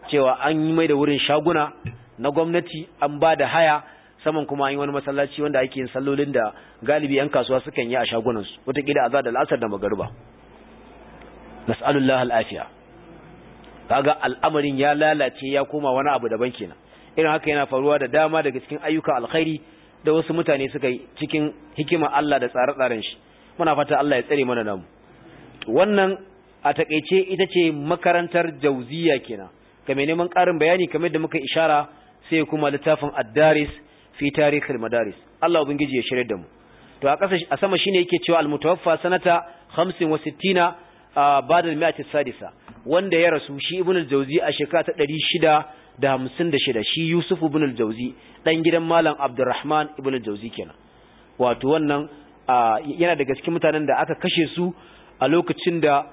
[SPEAKER 1] cewa an yi mai da wurin shaguna na gwamnati an ba da haya saman kuma an yi wani masallaci wanda ake yin sallolin da galibi yan kasuwa sukan yi a shagunan shagunansu wataƙila a da al'asar da magariba nas'alullah al'afiya kaga al'amarin ya lalace ya koma wani abu daban kenan irin haka yana faruwa da dama daga cikin ayyuka alkhairi da wasu mutane suka yi cikin hikima Allah da tsare-tsaren shi muna fata Allah ya tsare mana namu wannan a takeice ita ce makarantar jauziya kenan ga neman ƙarin bayani kamar da muka ishara sai kuma littafin ad-daris fi tarikh al-madaris Allah ubangiji ya shirye da mu to a kasa a sama shine yake cewa al-mutawaffa sanata 65 ba'da al-mi'ati sadisa wanda ya rasu shi ibnu al-jauzi a shekara ta da hamsin da shida shi Yusuf ibn al-Jauzi dan gidan Malam Abdurrahman ibn al jawzi kenan wato wannan yana daga cikin mutanen da aka kashe su a lokacin da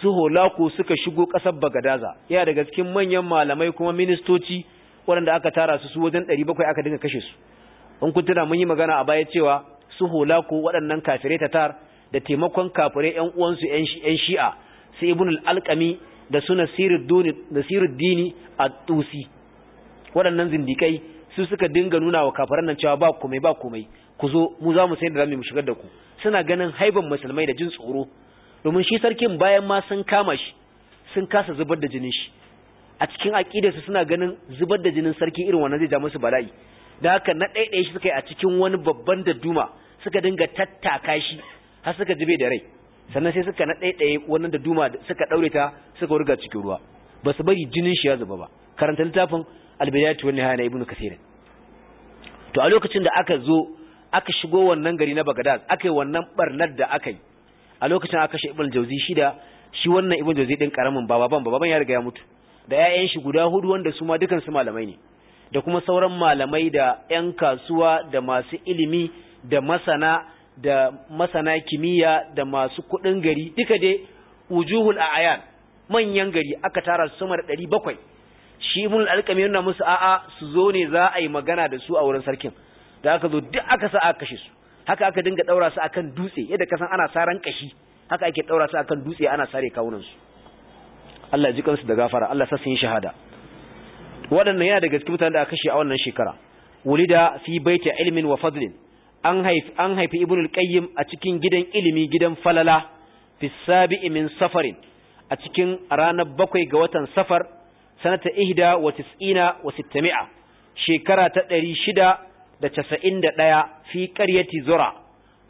[SPEAKER 1] su holako suka shigo ƙasar Bagadaza yana daga cikin manyan malamai kuma ministoci waɗanda aka tara su su wajen 700 aka dinga kashe su in kun tuna mun yi magana a baya cewa su holako waɗannan kafirai tatar da taimakon kafirai ƴan uwansu ƴan shi'a sai ibn al-alqami da su Dini a tusi waɗannan zindikai su suka dinga nuna wa kafaran nan cewa ba komai ba komai ku zo mu za mu sai da zamu shigar da ku suna ganin haiban musulmai da jin tsoro domin shi sarkin bayan ma sun kama shi sun kasa zubar da jinin shi a cikin su suna ganin zubar da jinin sarki irin wannan zai ja musu bala'i da haka na ɗaiɗaya shi suka yi a cikin wani babban dadduma suka dinga tattaka shi har suka jibe da rai sannan sai suka na ɗaiɗaye wannan da duma suka ɗaure ta suka wurga cikin ruwa ba su bari jinin shi ya zuba ba karanta littafin albidayatu wani hana ibnu kasirin to a lokacin da aka zo aka shigo wannan gari na bagdad aka yi wannan barnar da aka yi a lokacin aka shi ibn jauzi shi da shi wannan ibn jauzi din karamin ba baban baban ya riga ya mutu da ƴaƴan shi guda hudu wanda su ma dukansu su malamai ne da kuma sauran malamai da 'yan kasuwa da masu ilimi da masana da masana kimiyya da masu kuɗin gari duka dai wujuhul a'yan manyan gari aka tara su sama da ɗari bakwai shi ibn al-alqami yana musu a'a su zo ne za a yi magana da su a wurin sarkin da aka zo duk aka sa aka kashe su haka aka dinga daura su akan dutse yadda kasan ana saran kashi haka ake daura su akan dutse ana sare kawunan su Allah ya ji kansu da gafara Allah sa su shahada waɗannan yana daga cikin mutanen da aka kashe a wannan shekara wulida fi baiti ilmin wa fadlin an haifi an haifi ibn qayyim a cikin gidan ilimi gidan falala fi sabi'i min safarin a cikin ranar bakwai ga watan safar sanata ihda wa tis'ina wa sittami'a shekara ta ɗari shida da casa'in da ɗaya fi ƙaryati zura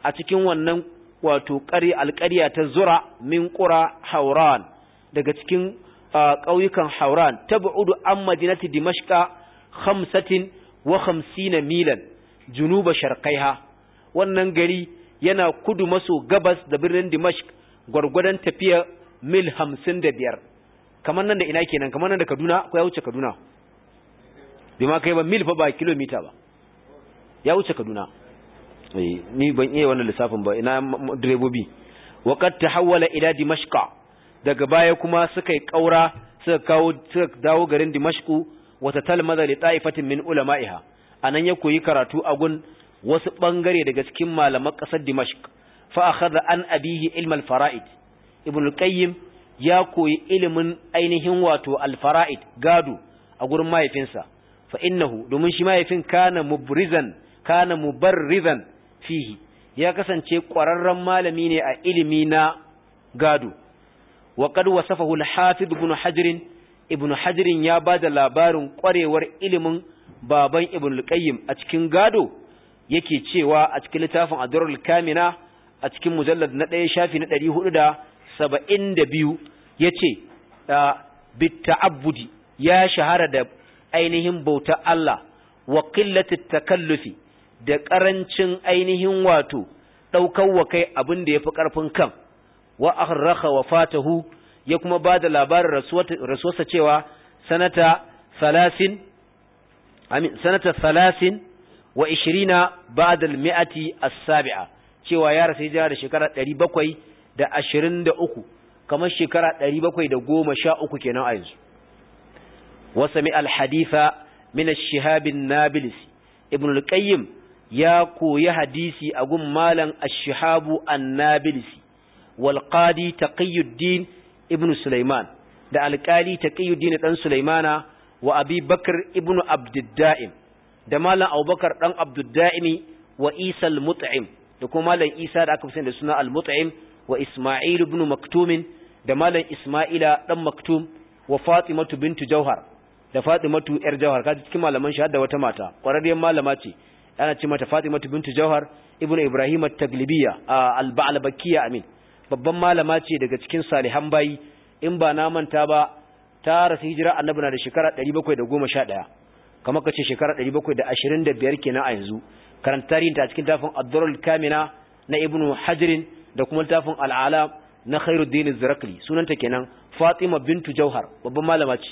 [SPEAKER 1] a cikin wannan wato alƙarya ta zura min ƙura hauran daga cikin ƙauyukan hauran ta bu'udu an madinati dimashka hamsatin wa milan junuba sharqaiha wannan gari yana kudu maso gabas da birnin Dimashq gurgurdan tafiya mil 55 kamar nan da ina kenan kamar nan da Kaduna ko ya wuce Kaduna Bima ma kai ba mil fa ba kilomita ba ya wuce Kaduna eh ni ban iya wannan lissafin ba ina direbobi qad tahawwala ila Dimashq daga baya kuma suka yi kaura suka kawo suka dawo garin Dimashq wata talmaza li ta'ifatin min ulama'iha anan ya koyi karatu a gun wasu ɓangare daga cikin malaman ƙasar Dimashq fa an abihi ilmal al-fara'id ibn al-qayyim ya koyi ilimin ainihin wato al-fara'id gado a gurin mahaifinsa fa innahu domin shi mahaifin kana mubrizan kana mubarrizan fihi ya kasance ƙwararren malami ne a ilimi na gado wa qad wasafahu al-hafiz ibn hajr ibn hajr ya bada labarin ƙwarewar ilimin baban ibn qayyim a cikin gado yake cewa a cikin littafin adurul kamina a cikin mujallad na ɗaya shafi na ɗari yace da saba'in da biyu ya ce ya shahara da ainihin bauta Allah wa qillati takallufi da ƙarancin ainihin wato ɗaukar wa kai abin da ya fi ƙarfin kan wa fatahu ya kuma ba da labarin rasuwarsa cewa sanata sanata salasin wa ishirina ba'dal mi'ati as-sabi'a cewa ya rasu hijira da shekara 723 kamar shekara 713 kenan a yanzu wa sami al-haditha min ash-shihab an-nabilis ibn al-qayyim ya koyi hadisi a gun malam ash-shihabu an-nabilis wal qadi taqiyuddin ibn sulaiman da alqali taqiyuddin dan sulaimana wa abi bakar ibnu abdidda'im da malam abubakar dan abdidda'imi wa isa al-mut'im da kuma malam isa da aka fi da suna al-mut'im wa isma'il ibn maktum da malam isma'ila dan maktum wa fatimatu bintu jauhar da fatimatu yar jauhar kaji cikin malaman shi da wata mata kwararriyar malama ce ana ce mata fatimatu bintu jauhar ibnu ibrahim at-taglibiya al amin babban malama ce daga cikin salihan bayi in ba na manta ba ta rasu hijira annabi na da shekara 711 kamar kace shekara 725 kenan a yanzu karanta tarihinta a cikin tafin ad-durrul kamina na ibnu hajrin da kuma tafin al ala na khairuddin az-zarakli sunanta kenan fatima bintu jauhar babban malama ce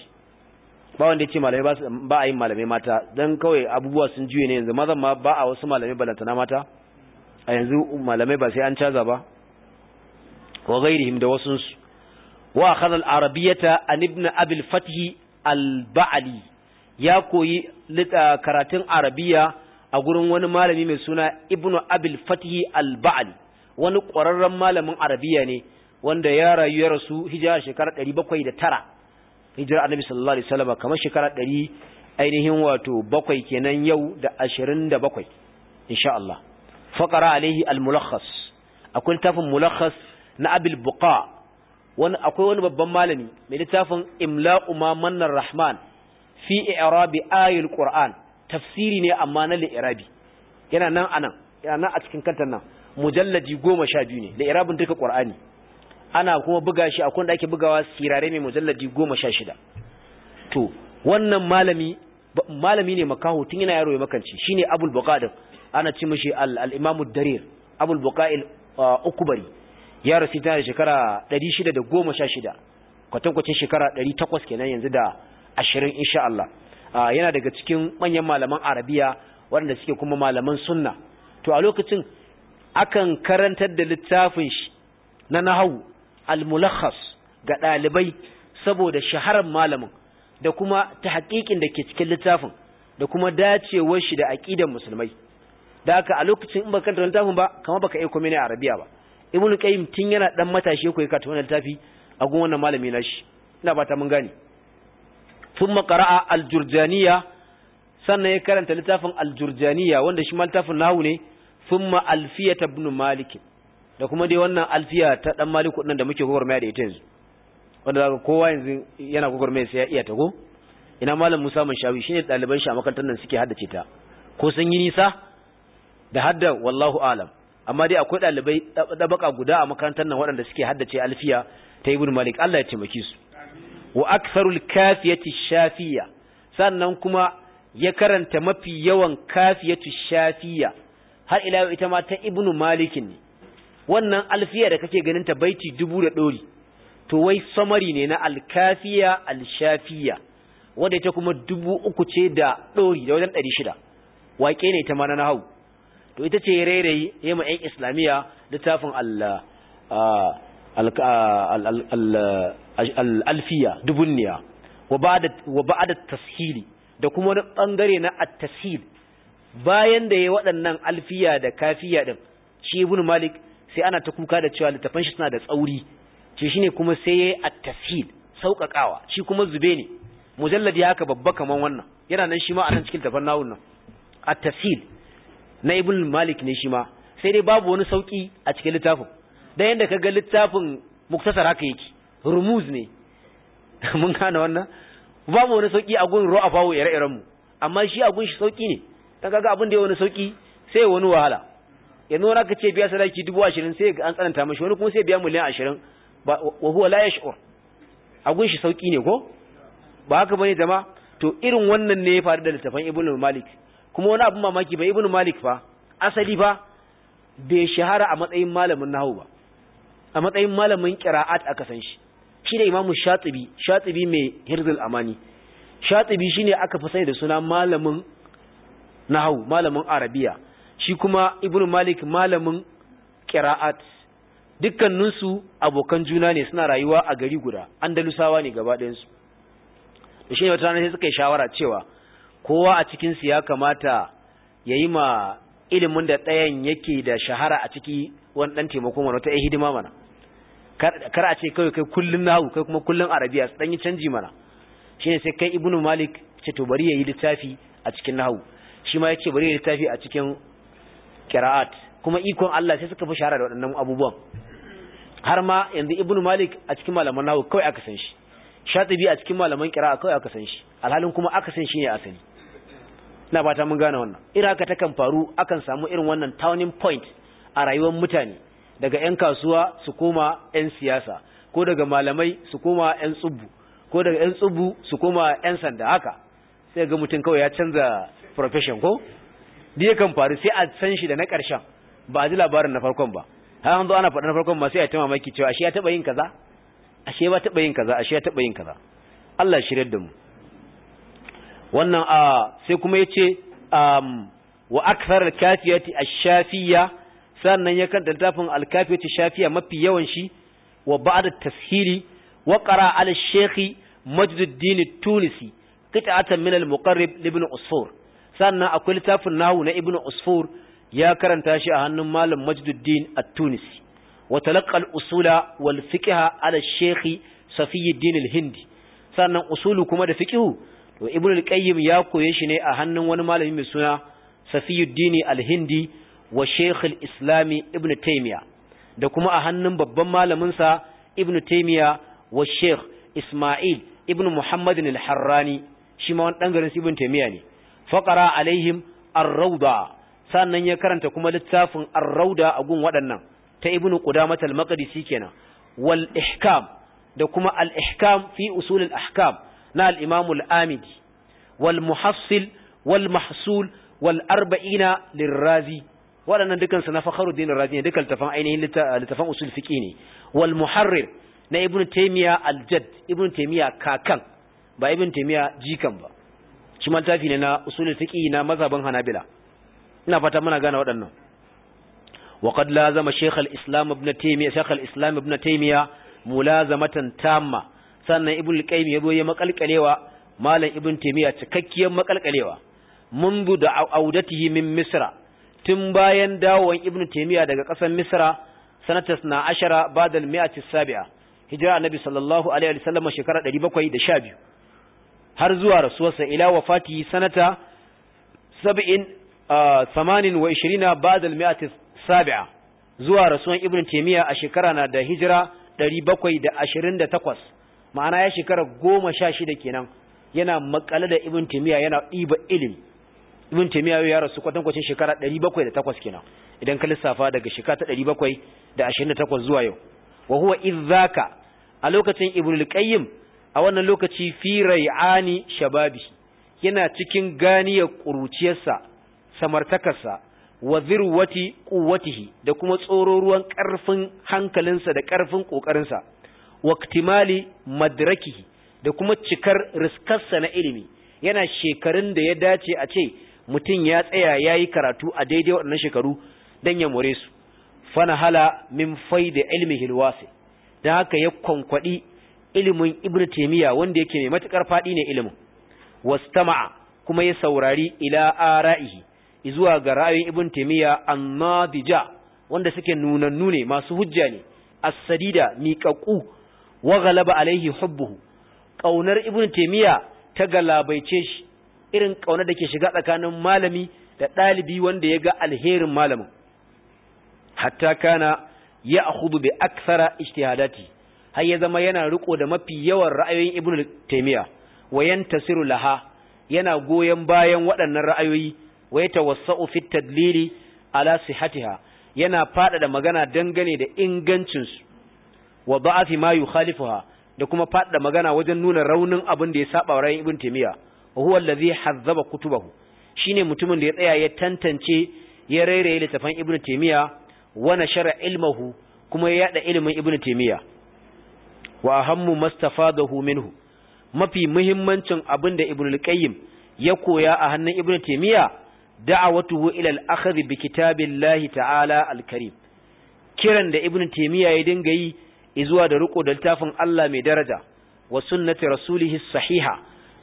[SPEAKER 1] ba wanda yake malamai ba a yin malamai mata dan kawai abubuwa sun juye ne yanzu mazan ma ba a wasu malamai balantana mata a yanzu malamai ba sai an caza ba wa gairihim da wasunsu wa akhadha al-arabiyyata an ya koyi ah, karatun arabiya a gurin wani malami mai suna ibnu abil al-fath wani ƙwararren malamin arabiya ne wanda ya rayu ya rasu hijira shekarar 709 hijira annabi sallallahu alaihi wasallam kamar shekara 100 ainihin wato bakwai kenan yau da 27 insha Allah faqara alaihi al-mulakhas akwai tafin mulakhas na abil buqa wani akwai wani babban malami mai littafin imla'u ma mannar rahman fi i'rabi ayil qur'an tafsiri ne amma na li'irabi yana nan anan yana nan a cikin kantan nan mujallaji 12 ne da irabin duka qur'ani ana kuma buga shi akwai da ake bugawa sirare mai mujallaji 16 to wannan malami malami ne makaho tun yana yaro ya makance shine abul buqadir ana ce mishi al imamu darir abul buqail uh, ukubari ya rasu tana da shekara 616 kwatankwacin shekara 800 kenan yanzu da 20 insha Allah ah, yana daga cikin manyan malaman arabiya waɗanda suke kuma malaman sunna to a lokacin akan karantar da littafin shi na nahawu al-mulakhas ga ɗalibai saboda shaharar malamin da kuma ta haƙiƙin da ke cikin littafin da kuma dacewar shi da aƙidan musulmai da haka a lokacin in baka karanta littafin ba kamar baka iya komai ne arabiya ba ibnu qayyim tun yana dan matashi koyi karatu tunan littafi a gun wannan malami nashi ina fata mun gane thumma qara'a al-jurjaniya sannan ya karanta littafin al-jurjaniya wanda shi maltafin littafin nahu ne thumma alfiyat ibn malik da kuma dai wannan alfiya ta dan maliku din da muke gwagwarmaya da ita yanzu wanda zaka kowa yanzu yana mai sai ya iya ta ina malam Musa Man shawi shine ɗaliban shi a makarantar nan suke haddace ta ko sun yi nisa da hadda wallahu alam amma dai akwai ɗalibai ɗabaƙa guda a makarantar nan waɗanda suke haddace alfiya ta ibn malik Allah ya taimake su wa aktharul kafiyati shafiya sannan kuma ya karanta mafi yawan kafiyatu shafiya har ila ita ma ta ibn malik ne wannan alfiya da kake ganin ta baiti dubu da dori to wai samari ne na alkafiya alshafiya wanda ita kuma dubu uku ce da dori da wajen ɗari shida waƙe ne ta ma na hau to ita ce rairayi ya yi 'yan islamiyya littafin alfiya dubunniya wa ba'ada tashili da kuma wani bangare na at bayan da ya waɗannan alfiya da kafiya ɗin shi ibn malik sai ana ta kuka da cewa littafin shi suna da tsauri ce ne kuma sai yi at-tashil sauƙaƙawa shi kuma zube ne mujalladi haka babba kamar wannan yana nan shi ma a nan cikin tafan nawun nan at na ibn malik ne shi ma sai dai babu wani sauki a cikin littafin da yanda kaga littafin muktasar haka yake rumuz ne *laughs* mun gane wannan babu wani sauki a gun ru'a fawo ire-iren mu amma shi a gun shi sauki ne dan kaga abin da ya wani sauki sai wani wahala yanzu wani aka ce biya sadaki dubu ashirin sai an tsananta mashi wani kuma sai biya miliyan ashirin wa huwa la yash'ur a gun shi sauki ne ko ba haka bane jama'a to irin wannan ne ya faru da littafin ibn malik kuma wani abin mamaki ba ibnu malik fa asali ba bai shahara a matsayin malamin nahu ba a matsayin malamin qira'at aka san shi shi da imamu Shatsibi, shatibi mai hirzul amani shatibi shine aka fi sani da suna malamin nahu malamin arabiya shi kuma Ibn malik malamin qira'at dukkaninsu abokan juna ne suna rayuwa a gari guda andalusawa ne gaba ɗayansu da shi ne wata rana sai suka yi shawara cewa kowa a cikinsu ya kamata ya yi ma ilimin da ɗayan yake da shahara a ciki wani ɗan taimakon wani wata ya hidima mana kar a ce kawai kai kullum nahu kai kuma kullum arabiya su ɗanyi canji mana shi ne sai kai ibnu malik ce to bari ya yi littafi a cikin nahu shi ma ya ce bari ya yi littafi a cikin kira'at kuma ikon allah sai suka fi shahara da waɗannan abubuwan har ma yanzu ibnu malik a cikin malaman nahu kawai aka san shi shatibi a cikin malaman kira'a kawai aka san shi alhalin kuma aka san shi ne asali na fata mun gane wannan Ira haka kan faru akan samu irin wannan turning point a rayuwar mutane daga 'yan kasuwa su koma 'yan siyasa ko daga malamai su koma 'yan tsubbu ko daga 'yan tsubbu su koma 'yan sanda haka sai ga mutum kawai ya canza profession ko da kan faru sai a san shi da na ƙarshen ba a ji labarin na farkon ba har an zo ana faɗa na farkon ma sai a ta mamaki cewa ashe ya taɓa yin kaza ashe ba taɓa yin kaza ashe ya taɓa yin kaza Allah shirya da mu wannan ah, sai kuma ya ce wa akthar kafiyati ash sannan ya kanta littafin al shafiya mafi yawan shi wa ba'da tashiri wa qara al-shaykh majduddin tunisi qita'atan min al-muqarrib ibn usfur sannan akwai littafin nahu na ibn usfur ya karanta shi a hannun malam majduddin at-tunisi wa talaqqa al-usula wal fiqha al-shaykh safiyuddin al-hindi sannan usulu kuma da fiqhu to ibn al-qayyim ya koye shi ne a hannun wani malami mai suna safiyuddini al-hindi wa shaykh al-islam ibn taymiya da kuma a hannun babban malamin sa ibn taymiya wa shaykh isma'il ibn muhammad al-harrani shi ma wani dangaren ibn taymiya ne faqara alaihim ar-rawda sannan ya karanta kuma littafin ar-rawda a gun waɗannan ta ibn qudamah al-maqdisi kenan wal ihkam da kuma al-ihkam fi usul al-ahkam na al'imamul amidi wal walmahsul, walarba'ina lirazi. wal Arba'ina lirrazi waɗannan dukansu na Fakhruddin Razi ne duk tafan ainihin ah, littafan usul fiqh ne Walmuharrir na Ibn Taymiyyah aljad, jadd Ibn Taymiyyah kakan ba Ibn Taymiyyah jikan ba shi ma ne na usul fiqh na mazhaban Hanabila ina fata muna gane waɗannan wa qad lazama Sheikh al-Islam Ibn Taymiyyah Sheikh al-Islam Ibn Taymiyyah mulazamatan tamma sannan ibn al-qayyim yabo ya makalkalewa malam ibn taymiya cikakkiyar makalkalewa mundu da audatihi min misra tun bayan dawon ibn taymiya daga ƙasar misra sanata na ashara badal mi'ati sabi'a hijra annabi sallallahu alaihi wa sallam shekara 712 har zuwa rasuwarsa ila wafatihi sanata 70 28 badal mi'ati sabi'a zuwa rasuwan ibn taymiya a shekara na da hijira 728 ma'ana ya shekara goma sha shida kenan yana makale da ibn timiya yana ɗiba ilimi ibn yau ya rasu kwatankwacin shekara ɗari bakwai da takwas kenan idan ka lissafa daga shekara ta ɗari bakwai da ashirin da takwas zuwa yau wa huwa idzaka a lokacin ibn al a wannan lokaci fi ani shababi yana cikin ganiyar ƙuruciyarsa samartakarsa wa zirwati quwwatihi da kuma tsoro ruwan ƙarfin hankalinsa da ƙarfin ƙoƙarinsa waktimali madraki da kuma cikar riskarsa na ilimi yana shekarun da ya dace a ce mutum ya tsaya ya yi karatu a daidai waɗannan shekaru don ya more su fana hala min fai da ilimin hilwasi don haka ya kwankwaɗi ilimin ibn taimiyya wanda yake mai matuƙar faɗi ne ilimin wastama'a kuma ya saurari ila ara'ihi zuwa ga ra'ayin ibn taimiyya annadija wanda suke nunannu ne masu hujja ne as-sadida miƙaƙu wa galaba alaihi hubbuhu kaunar ibnu taymiya ta galabaice shi irin kaunar da ke shiga tsakanin malami da dalibi wanda ya ga alherin malamin hatta kana ya akhudhu bi akthara ijtihadati har ya zama yana riko da mafi yawan ra'ayoyin ibnu taymiya wa yantasiru laha yana goyen bayan waɗannan ra'ayoyi wa yatawassau fi tadlili ala sihatiha yana faɗaɗa magana dangane da ingancinsu wa da'afi ma yukhalifuha da kuma faɗa magana wajen nuna raunin abin da ya saba ra'ayin ibn taymiya huwa allazi hazzaba kutubahu shine mutumin da ya tsaya ya tantance ya rairaye littafan ibn taymiya wa nashara ilmahu kuma ya yada ilimin ibn taymiya wa ahammu mastafadahu minhu mafi muhimmancin abin da ibn al-qayyim ya koya a hannun ibn taymiya da'awatuhu ila al-akhdh bi kitabillahi ta'ala al-karim kiran da ibn taymiya ya dinga yi izuwa da riko da littafin Allah mai daraja wa sunnati rasulihi sahiha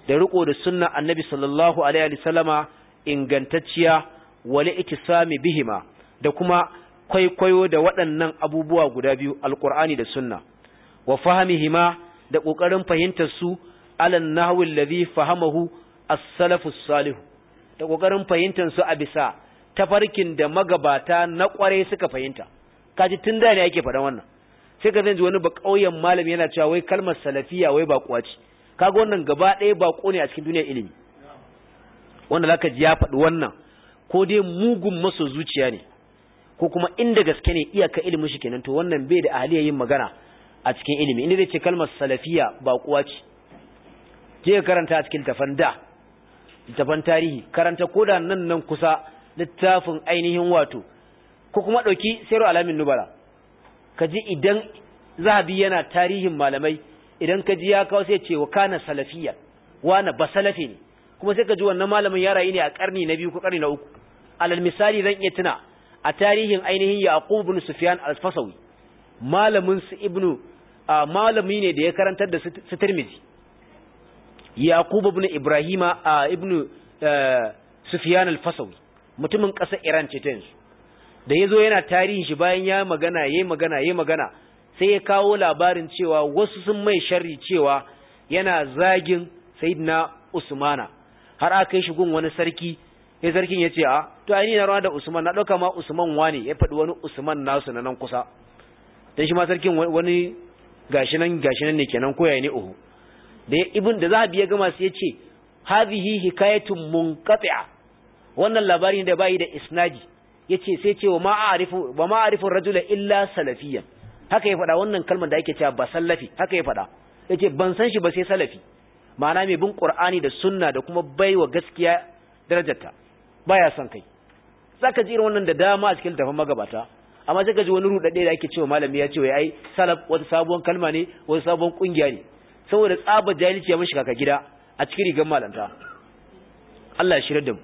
[SPEAKER 1] da riko da sunna annabi sallallahu alaihi wa sallama ingantacciya wali ikisami bihima da kuma kwaikwayo da waɗannan abubuwa guda biyu alqur'ani da sunna wa fahimihima da ƙoƙarin fahimtar su alan nahwi alladhi fahamahu as-salafus salih da ƙoƙarin fahimtar su a bisa tafarkin da magabata na ƙware suka fahimta kaji tun da ne ake faɗan wannan sai ka zanji wani ba ƙauyen malami yana cewa wai kalmar salafiya wai baƙuwa ce kaga wannan gaba ɗaya baƙo ne a cikin duniyar ilimi wanda zaka ji ya faɗi wannan ko dai mugun maso zuciya ne ko kuma inda gaske ne iyaka ilimin shi kenan to wannan bai da ahliya yin magana a cikin ilimi inda zai ce kalmar salafiya baƙuwa ce je karanta a cikin tafan da tafan tarihi karanta koda nan nan kusa littafin ainihin wato ko kuma ɗauki sayar alamin nubala Ka ji idan zahabi yana tarihin malamai idan ka ji ya kawo sai ce wa kana salafiya wana ba salafi ne kuma sai ka ji wannan malamin ya rayu ne a karni na biyu ko karni na uku alal misali zan iya tuna a tarihin ainihin yaqub ibn sufyan al-fasawi malamin su ibnu malami ne da ya karantar da su tirmizi yaqub ibn ibrahima ibnu eh, sufyan al-fasawi mutumin ƙasar iran ce ta yanzu da ya zo yana tarihin shi bayan ya magana ya magana ya magana sai ya kawo labarin cewa wasu sun mai sharri cewa yana zagin sayidina usmana har aka yi shigun wani sarki ya sarkin ya ce a ah, to na rawa da usman na ɗauka ma usman wani ya faɗi wani usman nasu na nan kusa don shi ma sarkin wani gashinan gashinan ne kenan koya ne uhu da ibin da zahabi ya gama su ya ce hazihi hikayatun munqati'a wannan labarin da bayi da isnadi yace sai ce wa ma'arifu wa rajula illa salafiyan haka ya faɗa wannan kalmar da ake cewa ba salafi haka ya faɗa yace ban san shi ba sai salafi ma'ana mai bin ƙur'ani da sunna da kuma baiwa gaskiya darajarta baya son kai zaka ji irin wannan da dama a cikin tafan magabata amma sai ka ji wani rudade da ake cewa malami ya ce wa ai salaf wata sabuwar kalma ne wata sabuwar kungiya ne saboda tsaba jahilci ya mishi kaka gida a cikin rigar malanta Allah ya shirya da mu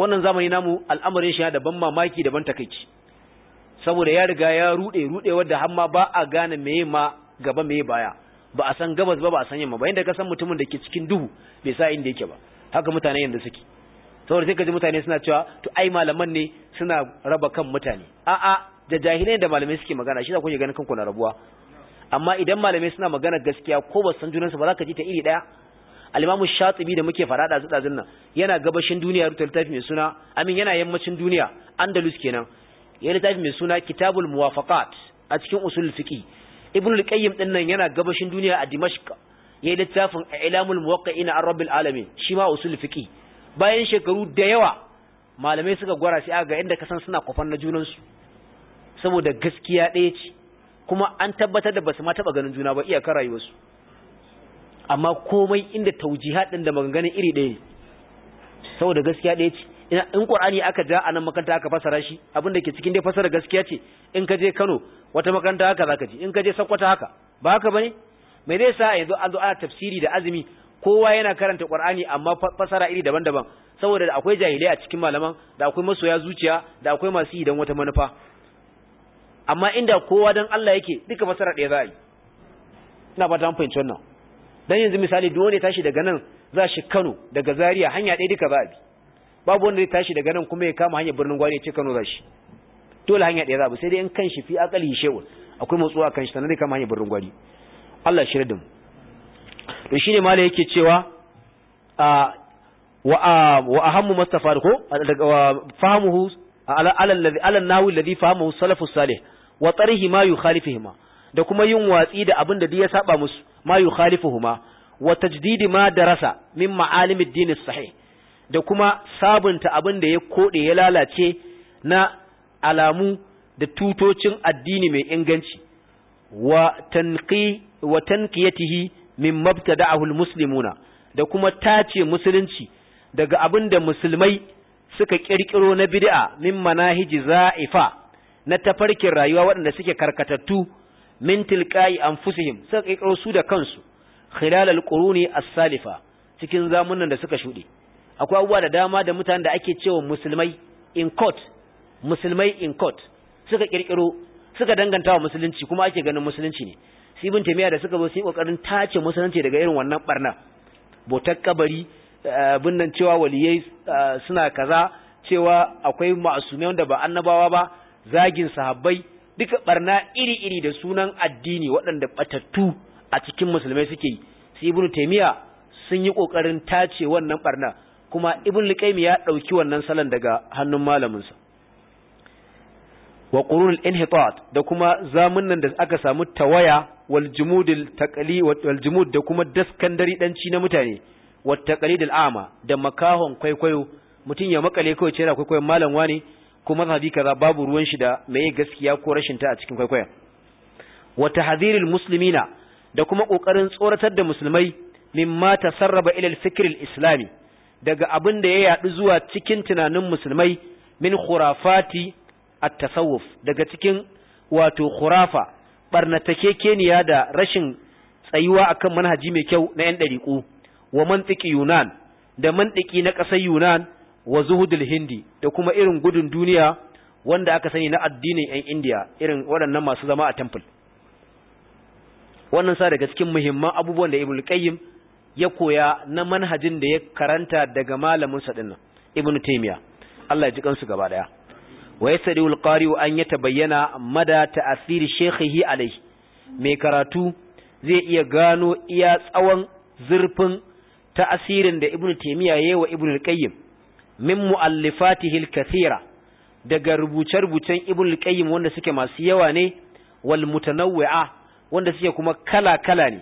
[SPEAKER 1] wannan zamani namu al'amarin shi da ban mamaki da takaici saboda ya riga ya rude rude wanda har ma ba a gane meye ma gaba meye baya ba a san gabas ba ba a san yamma ba inda ka san mutumin da ke cikin duhu bai sa inda yake ba haka mutane yanda suke saboda sai ka mutane suna cewa to ai malaman ne suna raba kan mutane a da jahilai da malamai suke magana shi da kun je ganin kanku na rabuwa amma idan malamai suna magana gaskiya ko ba san junansu ba za ka ji ta iri daya alimamu shatibi da muke fara dazu dazun nan yana gabashin duniya rubuta littafi mai suna amin yana yammacin duniya andalus kenan ya littafi mai suna kitabul muwafaqat a cikin usul fiqi ibn al-qayyim din nan yana gabashin duniya a dimashq ya littafin ilamul muwaqqi'ina an rabbil alamin shi ma usul fiqi bayan shekaru da yawa malamai suka gwara sai aga inda kasan suna kofan na junansu saboda gaskiya ɗaya ce kuma an tabbatar da basu ma taba ganin juna ba iyakar rayuwarsu amma komai inda taujihat din da maganganun iri ɗaya ne saboda gaskiya ɗaya ce in qur'ani aka ja a nan makaranta aka fasara shi abin da ke cikin dai fasara gaskiya ce in ka je Kano wata makaranta haka zaka ji in ka je Sokoto haka ba haka ba ne? mai zai sa yanzu an zo ana tafsiri da azumi kowa yana karanta qur'ani amma fasara iri daban-daban saboda da akwai jahilai a cikin malaman da akwai masoya zuciya da akwai masu yi dan wata manufa amma inda kowa don Allah yake duka fasara ɗaya za a yi ina fata an fahimci wannan dan yanzu misali duk wanda ya tashi daga nan za shi Kano daga Zaria hanya ɗaya duka ba bi babu wanda ya tashi daga nan kuma ya kama hanyar birnin Gwari ya ce Kano za shi dole hanya ɗaya za bu sai dai in kan shi fi akali shewul akwai motsuwa kan shi sannan zai kama hanyar birnin Gwari Allah shi radin to shine mala yake cewa a wa wa ahammu mastafar daga fahimuhu ala alladhi ala nawi alladhi fahimuhu salafus salih wa tarihi ma yukhalifihima da kuma yin watsi da abin da ya saba musu ma yukhalifuhuma wa tajdidi ma darasa min ma'alim ad-din da kuma sabunta abin da ya kode ya lalace na alamu da tutocin addini mai inganci wa tanqi wa tanqiyatihi min mabtada'ahu al-muslimuna da kuma tace musulunci daga abin da musulmai suka kirkiro na bid'a min manahiji za'ifa na tafarkin rayuwa waɗanda suke karkatattu min tilqai anfusihim suka kirkiro su da kansu khilal alquruni as-salifa cikin zamunan da suka shuɗe akwai abuwa da dama da mutanen da ake cewa musulmai in court musulmai in court suka kirkiro suka danganta wa musulunci kuma ake ganin musulunci ne su ibn taymiya da suka zo su yi kokarin tace musulunci daga irin wannan barna botar kabari eh, bin cewa waliyai eh, suna kaza cewa akwai masumai wanda ba annabawa ba zagin sahabbai duka barna iri-iri da sunan addini waɗanda batattu a cikin musulmai suke yi su ibnu taimiyya sun yi ƙoƙarin tace wannan barna kuma ibn liqaym ya ɗauki wannan salon daga hannun malaminsu. wa qurun inhitat da kuma zamunan da aka samu tawaya wal da kuma daskandari danci na mutane wat taqlid ama da makahon kwaikwayo mutum ya makale kawai ce kwaikwayon malam wani ko mazhabi kaza babu ruwan shi da meye gaskiya ko rashin ta a cikin kwaikwayon wa tahdhiril muslimina da kuma kokarin tsoratar da musulmai mimma tasarraba ila al-fikr al-islami daga abin da ya yadu zuwa cikin tunanin musulmai min khurafati at-tasawuf daga cikin wato khurafa barnatakekeniya da rashin tsayuwa akan manhaji mai kyau na yan dariku wa mantiki yunan da mantiki na ƙasar yunan wa zuhudul hindi da kuma irin gudun duniya wanda aka sani na addinin yan indiya irin waɗannan masu zama a temple wannan sa daga cikin muhimman abubuwan da Ibn qayyim ya koya na manhajin da ya karanta daga malamin sa dinnan ibnu taymiya Allah ya ji kansu gaba daya wa ta wa an yatabayyana mada ta'athiri shaykhihi alayhi mai karatu zai iya gano iya tsawon zurfin ta'asirin da ibnu taymiya yayi wa Ibn qayyim min mu'allifatihil al-kathira daga rubuce-rubucen Ibn al-Qayyim wanda suke masu yawa ne wal mutanawwi'a wanda suke kuma kala-kala ne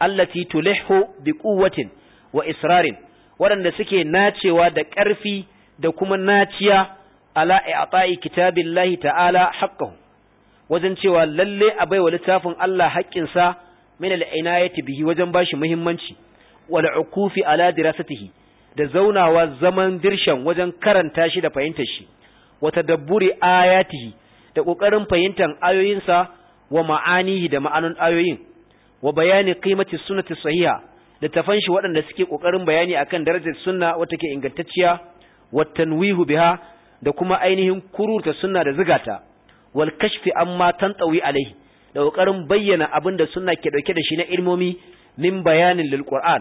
[SPEAKER 1] allati tulihu bi quwwatin wa israrin waɗanda suke nacewa da ƙarfi da kuma naciya ala i'ta'i kitabillahi ta'ala haqqahu wajen cewa lalle a baiwa littafin Allah haƙƙinsa min al-inayati bihi wajen bashi muhimmanci wal ukufi ala dirasatihi da zaunawa zaman dirshan wajen karanta shi da fahimtar shi wata dabburi ayatihi da kokarin fahimtar ayoyinsa wa ma'anihi da ma'anun ayoyin wa bayani qimati sunnati sahiha da tafan shi waɗanda suke kokarin bayani akan darajar sunna wata ke ingantacciya wa tanwihu biha da kuma ainihin kururta sunna da zigata wal kashfi amma tantawi alaihi da kokarin bayyana abin da sunna ke dauke da shi na ilmomi min bayanin lil qur'an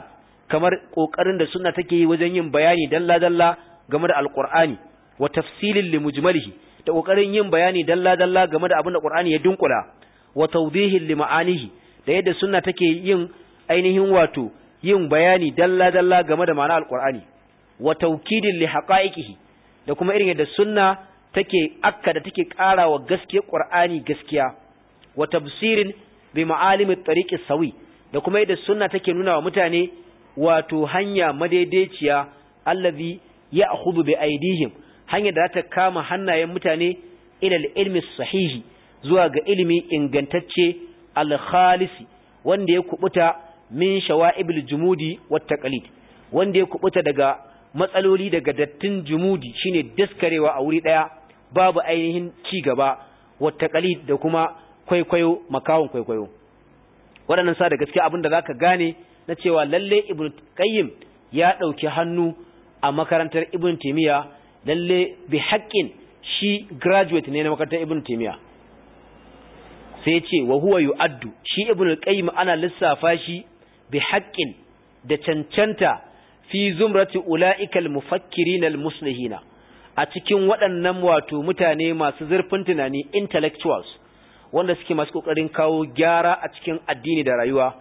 [SPEAKER 1] kamar ƙoƙarin da suna take yi wajen yin bayani dalla dalla game da alqur'ani wa tafsilin limujmalihi da ƙoƙarin yin bayani dalla dalla game da abin da ya dunkula wa tawdihin li da yadda suna take yin ainihin wato yin bayani dalla dalla game da ma'anar alqur'ani wa taukidin li haqa'iqihi da kuma irin yadda sunna take akka da take karawa gaskiyar ƙur'ani gaskiya wa tafsirin bi ma'alimi tariqi sawi da kuma yadda sunna take nuna wa mutane wato hanya madaidaiciya allazi ya'khudhu bi aidihim hanya da ta kama hannayen mutane ila ilmi sahihi zuwa ga ilimi ingantacce al-khalisi wanda ya kubuta min shawa'ibil jumudi wat taqlid wanda ya kubuta daga matsaloli daga dattin jumudi shine daskarewa a wuri daya babu ainihin ci gaba wat taqlid da kuma kwaikwayo makawon kwaikwayo waɗannan sa da gaskiya abinda zaka gane na cewa lalle ibn qayyim ya dauki hannu a makarantar ibn Timiya, lalle bi haqqin shi graduate ne na makarantar ibn Timiya. sai ce wa huwa yu'addu shi ibn qayyim ana lissafa shi bi haqqin da cancanta fi zumrati ulaika al-mufakkirin al-muslihina a cikin waɗannan wato mutane masu zurfin tunani intellectuals wanda suke masu kokarin kawo gyara a cikin addini da rayuwa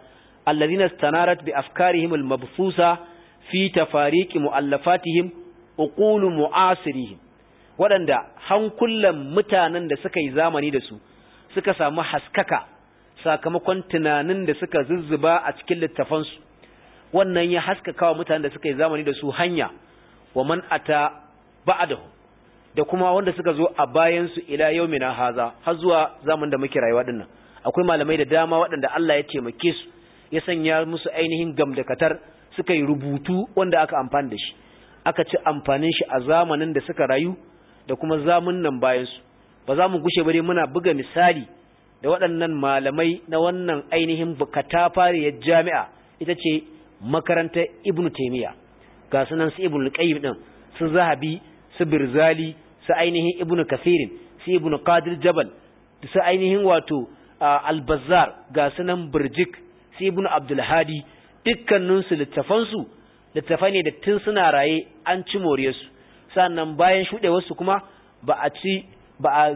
[SPEAKER 1] alladhina istanarat bi afkarihim al-mabthusa fi tafariqi mu'allafatihim uqulu mu'asirihim waɗanda hankulan mutanen da suka yi zamani da su suka samu haskaka sakamakon tunanin da suka zuzzuba a cikin littafansu wannan ya haskaka wa mutanen da suka yi zamani da su hanya wa man'ata ata da kuma wanda suka zo a bayansu su ila yaumina haza har zuwa zaman da muke rayuwa dinnan akwai malamai da dama waɗanda Allah ya taimake su ya sanya musu ainihin gamdakatar suka yi rubutu wanda aka amfani da shi aka ci amfanin shi a zamanin da suka rayu da kuma zamun nan bayansu ba za mu gushe bare muna buga misali da waɗannan malamai na wannan ainihin bukata fariyar jami'a ita ce makarantar ibn taimiyya ga sunan su ibn qayyim din su zahabi su birzali su ainihin ibn kafirin su ibn qadir jabal su ainihin wato albazar ga sunan birjik sai ibn abdul hadi littafan su, littafan ne da tun suna raye an ci moriyar su, sannan bayan wasu kuma ba a ci ba a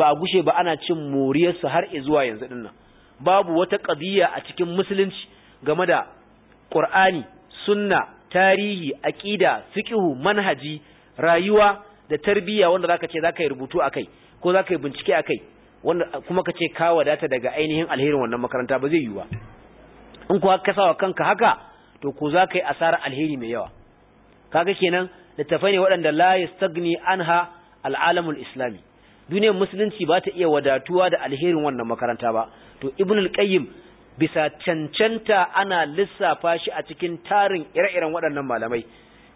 [SPEAKER 1] ba a gushe ba ana cin moriyar su har zuwa yanzu dinnan babu wata qadiya a cikin musulunci game da qur'ani sunna tarihi aqida fiqhu manhaji rayuwa da tarbiyya wanda zaka ce zaka yi rubutu akai ko zaka yi bincike akai wanda kuma kace ka wadata daga ainihin alherin wannan makaranta ba zai yiwu ba in kuwa ka wa kanka haka to ko za ka yi asarar alheri mai yawa kaga kenan littafai ne waɗanda la yastagni anha al'alamul islami duniyar musulunci ba ta iya wadatuwa da alherin wannan makaranta ba to ibn al bisa cancanta ana lissafa shi a cikin tarin ire-iren waɗannan malamai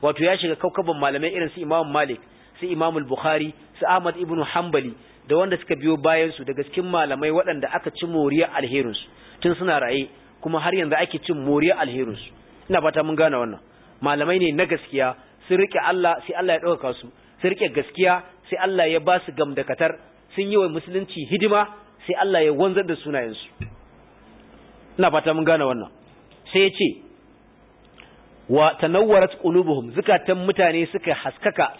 [SPEAKER 1] wato ya shiga kaukabin malamai irin su Imam Malik su Imam Bukhari su Ahmad ibn Hanbali da wanda suka biyo bayansu su daga cikin malamai waɗanda aka ci moriya alherin su tun suna raye kuma har yanzu ake cin moriyar alherinsu ina fata mun gane wannan malamai ne na gaskiya sun rike Allah sai Allah ya ɗauka su sun rike gaskiya sai Allah ya ba su gamdakatar sun yi wa musulunci hidima sai Allah ya wanzar da sunayensu ina fata mun gane wannan sai ya ce wa tanawwarat qulubuhum zakatan mutane suka haskaka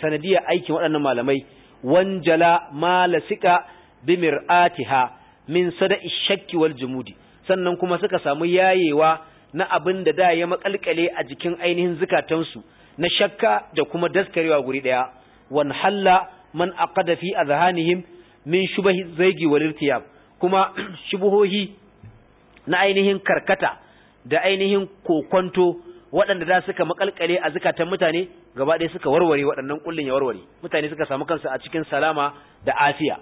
[SPEAKER 1] sanadiyar aikin waɗannan malamai wanjala malasika bimir'atiha min sada'i shakki wal jumudi sannan kuma suka samu yayewa na abin da da ya makalkale a jikin ainihin zukatansu na shakka da kuma daskarewa guri daya wan halla man aqada fi azhanihim min shubahi zaygi wal irtiyab kuma *clears throat* shubuhohi na ainihin karkata da ainihin kokonto waɗanda da suka makalkale a zukatan mutane gaba ɗaya suka warware waɗannan kullun ya warware mutane suka samu kansu a cikin salama da afiya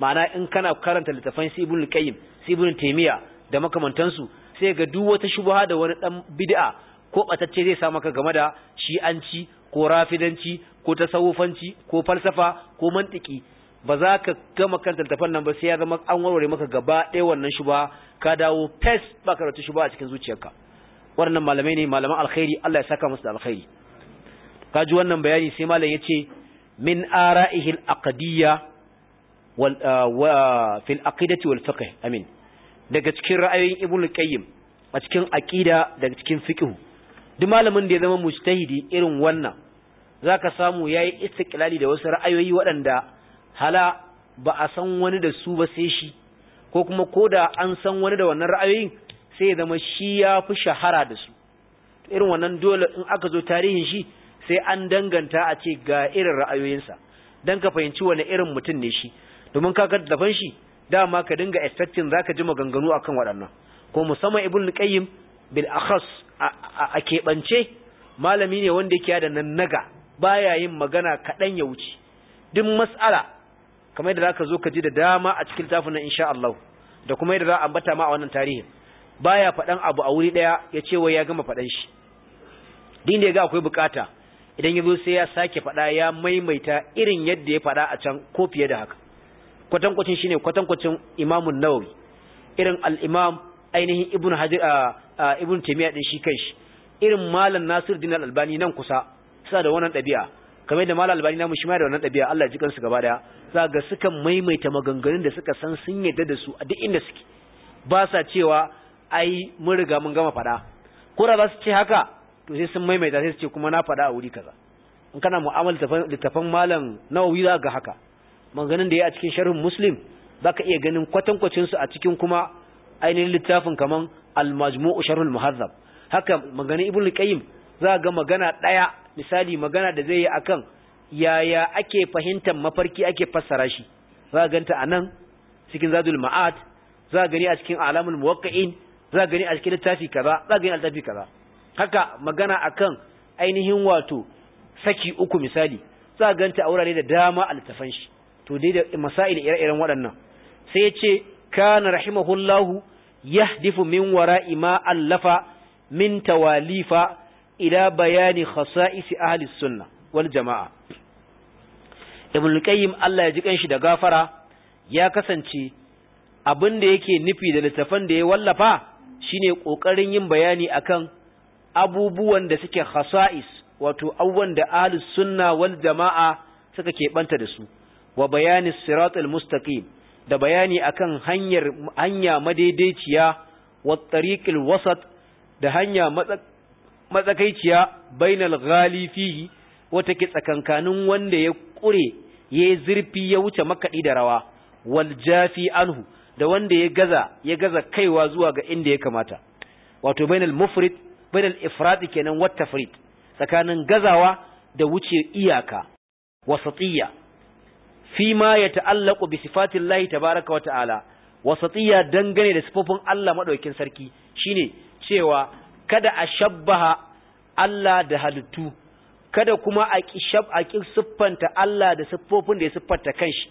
[SPEAKER 1] ma'ana in kana karanta littafan sibul qayyim sibul taymiya da makamantansu sai ga duk wata shubha da wani dan bid'a ko batacce zai sa maka game da shi'anci ko rafidanci ko tasawufanci ko falsafa ko mantiki ba za ka gama kan tattafan nan ba sai ya zama an warware maka gaba ɗaya wannan shubha ka dawo fes ba ka rata shubha a cikin zuciyarka wannan malamai ne malaman alkhairi Allah ya saka musu da alkhairi ka ji wannan bayani sai malam yace min ara'ihil aqdiyya wal ah, fil aqidati wal fiqh amin daga cikin ra'ayoyin ibnu qayyim a cikin aqida daga cikin fiqh duk malamin da ya zama mujtahidi irin wannan zaka samu yayi istiqlali da wasu ra'ayoyi waɗanda hala ba a san wani da su ba sai shi ko kuma koda an san wani da wannan ra'ayoyin sai ya zama shi ya fi shahara da su irin wannan dole in aka zo tarihin shi sai an danganta a ce ga irin ra'ayoyinsa dan ka fahimci wani irin mutum ne shi domin ka dafan shi dama ka dinga expecting zaka ji maganganu akan waɗannan ko musamman ibn qayyim bil akhas a keɓance malami ne wanda yake da nan naga baya yin magana kaɗan ya wuce duk mas'ala kamar yadda zaka zo ka ji da dama a cikin tafin nan insha Allah da kuma yadda za a ambata ma a wannan tarihin baya faɗan abu a wuri ɗaya ya ce wai ya gama faɗan shi din da ya ga akwai bukata idan ya zo sai ya sake faɗa ya maimaita irin yadda ya faɗa a can ko fiye da haka kwatankwacin shine kwatankwacin imamun nawawi irin al-imam ainihin ibn hajar ibnu taymiya din shi kanshi irin malam nasir din al-albani nan kusa suna da wannan dabi'a kamar da malam albani namu shi ma da wannan dabi'a Allah ji kansu gaba daya za ga suka maimaita maganganun da suka san sun yadda da su a duk inda suke ba sa cewa ai mun riga mun gama fada ko da za su ce haka to sai sun maimaita sai su ce kuma na fada a wuri kaza in kana mu'amala tafan malam nawawi za ga haka maganin da ya a cikin sharhin muslim zaka iya ganin kwatankwacin su a cikin kuma ainihin littafin kamar al-majmu'u sharhul muhazzab haka maganin ibn qayyim za ga magana daya misali magana da zai yi akan yaya ake fahimtar mafarki ake fassara shi za ganta anan cikin zadul ma'ad za gani a cikin alamul muwaqqi'in za gani a cikin littafi kaza za gani al-tafi kaza haka magana akan ainihin wato saki uku misali za ganta a wurare da dama a littafan shi to dai da masail ire-iren waɗannan sai ya ce kana rahimahullahu yahdifu min wara'i ma allafa min tawalifa ila bayani khasa'isi ahli sunna wal jama'a ibn qayyim Allah ya ji kanshi da gafara ya kasance abin da yake nufi da littafan da ya wallafa shine kokarin yin bayani akan abubuwan da suke khasa'is wato abubuwan da ahli sunna wal jama'a suka keɓanta da su wa bayani siratul mustaqim da bayani akan hanyar hanya madaidaiciya wa tariqil wasat da hanya matsakaiciya bainal ghali fihi wata ke tsakankanin wanda ya kure ya zurfi ya wuce makaɗi da rawa wal jafi anhu da wanda ya gaza ya gaza kaiwa zuwa ga inda ya kamata wato bainal mufrid bainal Ifrat kenan wa tafrid tsakanin gazawa da wuce iyaka wasatiyya Fima ya ta'allaku bi sifatin lahi baraka wa ta'ala wasatiya dangane da sifofin Allah madaukin sarki shine cewa kada a shabbaha Allah da halittu kada kuma a kishab a siffanta Allah da siffofin da ya siffanta kanshi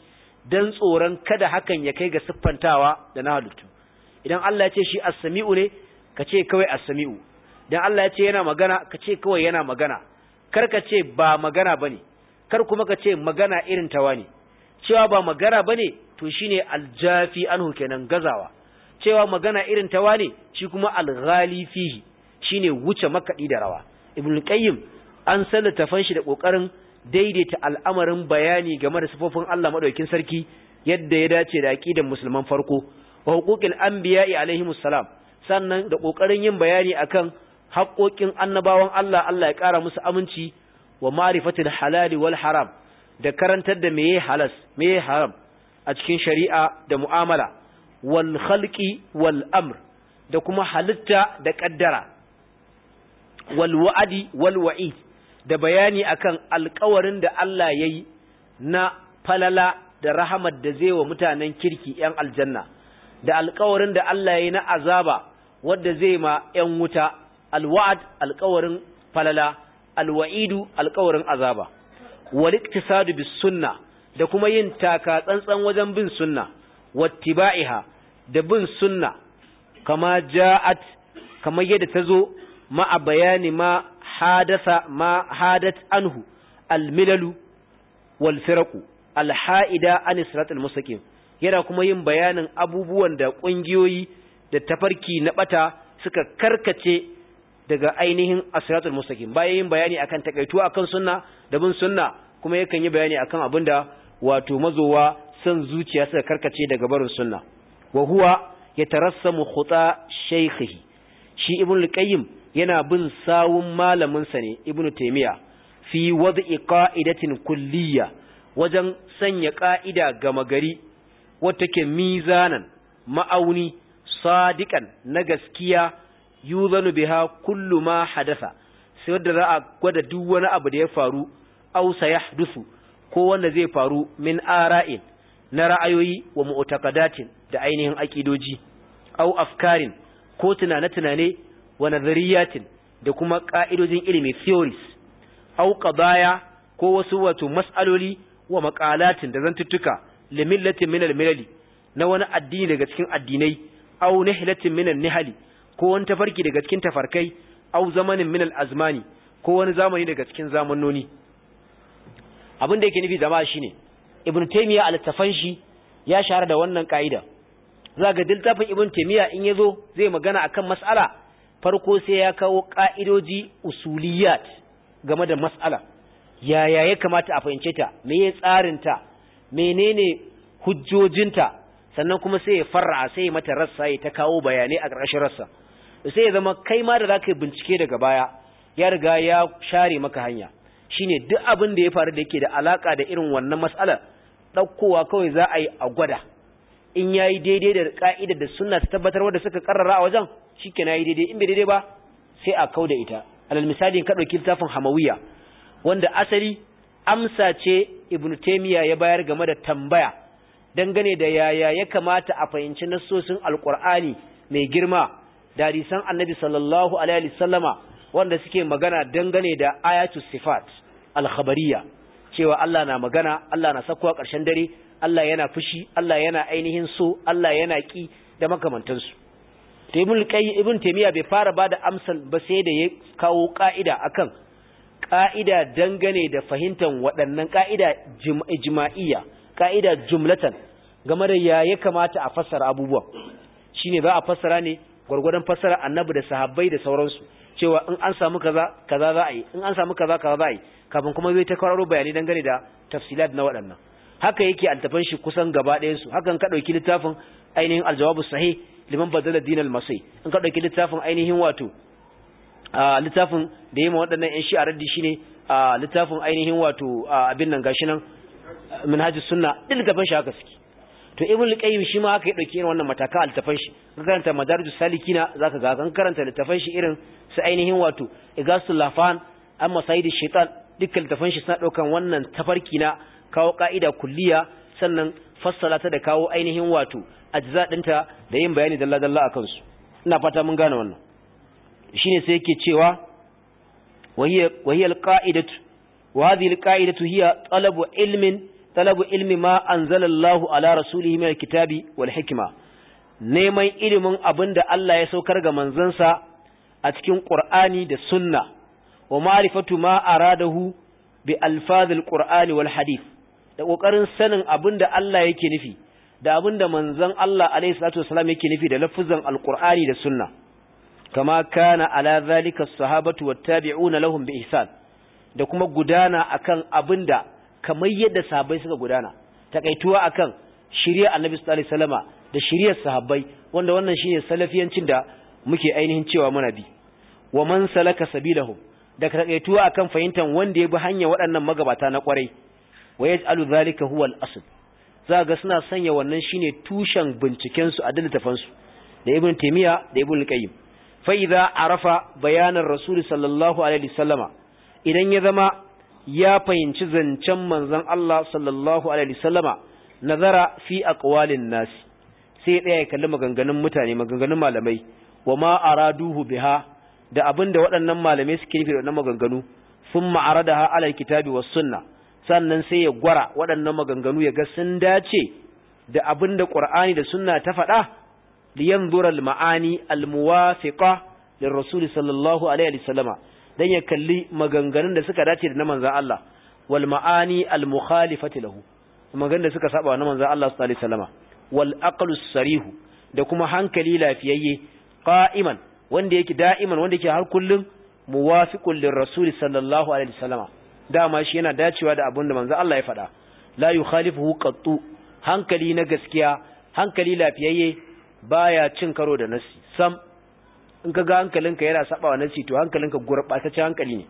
[SPEAKER 1] dan tsoron kada hakan ya kai ga siffantawa da na halittu idan Allah ya ce shi as-sami'u ne ka ce kawai as-sami'u idan Allah ya ce yana magana ka ce kawai yana magana kar ka ce ba magana bane kar kuma ka ce magana irin tawa ne cewa ba magana bane to shine aljafi anhu kenan gazawa cewa magana irin ta wane shi kuma alghali fihi shine wuce makaɗi da rawa ibn qayyim an tafan shi da kokarin daidaita al'amarin bayani game da sifofin Allah madaukakin sarki yadda ya dace da aqidan musulman farko wa huquqil anbiya'i alaihi salam sannan da kokarin yin bayani akan haƙoƙin annabawan Allah Allah ya ƙara musu aminci wa ma'rifatul halali wal haram da karantar da meye halas meye haram a cikin shari'a da mu'amala wal khalqi wal amr da kuma halitta da kaddara wal wa'adi wal wa'id da bayani akan alƙawarin da Allah yayi na falala da rahamar da zai wa mutanen kirki 'yan aljanna da alƙawarin da Allah yayi na azaba wanda zai ma 'yan wuta alwa'ad alƙawarin falala alwa'idu alƙawarin azaba wal iktisadu bis sunna da kuma yin taka tsantsan wajen bin sunna wattiba'iha da bin sunna kama ja'at kamar yadda ta zo ma'a bayani ma hadasa ma hadat anhu almilalu wal firaqu al ha'ida an al mustaqim yana kuma yin bayanin abubuwan da kungiyoyi da tafarki na bata suka karkace daga ainihin asiratul mustaqim bayan yin bayani akan takaituwa akan sunna da bin sunna kuma yakan yi bayani akan abinda wato mazowa san zuciya suka karkace daga barin sunna wa huwa yatarassamu khuta shaykhihi shi ibnu qayyim yana bin sawun malamin sa ne ibnu taymiya fi wad'i qa'idatin kulliyya wajen sanya ka'ida gama gari wata ke mizanan ma'auni sadikan na gaskiya yuzanu biha kullu ma hadasa sai wanda za a gwada duk wani abu da ya faru aw sayahdusu ko wanda zai faru min ara'in na ra'ayoyi wa mu'taqadatin da ainihin akidoji aw afkarin ko tunane-tunane wa nazariyatin da kuma ka'idojin ilimi theories aw qadaya ko wasu wato mas'aloli wa maqalatin da zantuttuka limillatin min al-milali na wani addini daga cikin addinai aw nihlatin min an-nihali ko wani tafarki daga cikin tafarkai au zamanin min al-azmani ko wani zamani daga cikin zamannoni abin da yake nufi zama shine ibnu taymiya al tafanshi shi ya shahara da wannan kaida zaga diltafin ibnu taymiya in yazo zai magana akan mas'ala farko sai ya kawo ka'idoji usuliyat game da mas'ala yaya ya kamata a fahimce ta me ya tsarin ta menene hujjojinta sannan kuma sai ya farra sai mata rassa ya ta kawo bayanai a ƙarshen rassa sai ya zama kai ma da za ka yi bincike daga baya ya riga ya share maka hanya Shi ne duk abin da ya faru da yake da alaka da irin wannan matsalar ɗaukowa kawai za a yi a gwada in ya yi daidai da ka'idar da suna su tabbatar wadda suka karara a wajen shi ke na yi daidai in bai daidai ba sai a kau da ita alal misali ka ɗauki littafin hamawiya wanda asali amsa ce ibnu Temiya ya bayar game da tambaya dangane da yaya ya kamata a fahimci nassosin alƙur'ani mai girma da annabi sallallahu alaihi wasallama wanda suke magana dangane da Ayatu sifat al khabariya cewa Allah na magana Allah na sakwa ƙarshen dare Allah yana fushi Allah yana ainihin so Allah yana ki da makamantansu to ibn qayyim ibn taymiya bai fara bada amsan ba sai da ya kawo ka'ida akan ka'ida dangane da fahimtar waɗannan ka'ida ijma'iyya ka'ida jumlatan game da ya ya kamata a fassara abubuwa shine ba a fassara ne Gwargwadon fassara annabi da sahabbai da sauransu cewa in an samu kaza kaza za a yi in an samu kaza kaza za a yi kafin kuma zai ta kwararo bayani dangane da tafsilat na waɗannan haka yake altafan shi kusan gaba ɗayan su hakan ka ɗauki littafin ainihin aljawabu sahih liman badala din almasai in ka ɗauki littafin ainihin wato littafin da yi ma waɗannan yan shi ne a littafin ainihin wato abin nan gashi nan minhajus sunna duk littafin shi haka suke to ibn qayyim shi ma haka ya dauki wannan mataka altafan shi ka karanta madarijus salikina zaka ga kan karanta littafan shi irin su ainihin wato igasul lafan amma saidish shaitan dukkan littafan shi suna daukan wannan tafarki na kawo ka'ida kulliya sannan fassala ta da kawo ainihin wato ajza dinta da yin bayani dalla dalla akan su ina fata mun gane wannan shine sai yake cewa wahiya al-qa'idatu wa hadhihi al-qa'idatu hiya talabu ilmin talabu ilmi ma anzalallahu ala rasulihi min alkitabi wal hikma neman ilimin abin da Allah ya saukar ga manzansa a cikin Qur'ani da Sunna wa ma'rifatu ma aradahu bi alfazil Qur'ani wal hadith da kokarin sanin abin da Allah yake nufi da abin da manzon Allah alaihi salatu wasallam yake nufi da lafuzan alqur'ani da sunna kama kana ala zalika as-sahabatu wat-tabi'una lahum bi ihsan da kuma gudana akan abin da kamar yadda sahabbai suka gudana takaituwa akan shirya annabi sallallahu alaihi wasallama da shiryar sahabbai wanda wannan shine salafiyancin da muke ainihin cewa muna bi wa man salaka sabilahum da takaituwa akan fahimtar wanda ya bi hanya waɗannan magabata na kwarai wa yaj'alu zalika huwa al-asl za ga suna sanya wannan shine tushen binciken su a dalilin su da ibn taymiya da ibn qayyim fa idza arafa bayanan rasul sallallahu alaihi wasallama idan ya zama ya fahimci zancen manzon Allah sallallahu alaihi wasallama nazara fi aqwalin nas sai ya ya kalli maganganun mutane maganganun malamai wa ma araduhu biha da abinda waɗannan malamai suke nufi da maganganu sun ma'arada ha alal kitabi was sunna sannan sai ya gwara waɗannan maganganu ya ga sun dace da abinda ƙur'ani Qur'ani da sunna ta faɗa li yanzura al ma'ani al muwafiqa da sallallahu alaihi wasallama dan ya kalli maganganun da suka dace da na manzon Allah wal ma'ani al mukhalifati lahu maganganun da suka saba na manzon Allah sallallahu alaihi wasallama wal sarihu da kuma hankali lafiyayye qa'iman wanda yake da'iman wanda yake har kullun muwafiqun lirrasul sallallahu alaihi wasallama dama shi yana dacewa da abin da manzon Allah ya faɗa la yukhalifuhu qattu hankali na gaskiya hankali lafiyayye baya cin karo da nasi sam in ka ga hankalinka yana saba wannan to hankalinka gurɓataccen hankali ne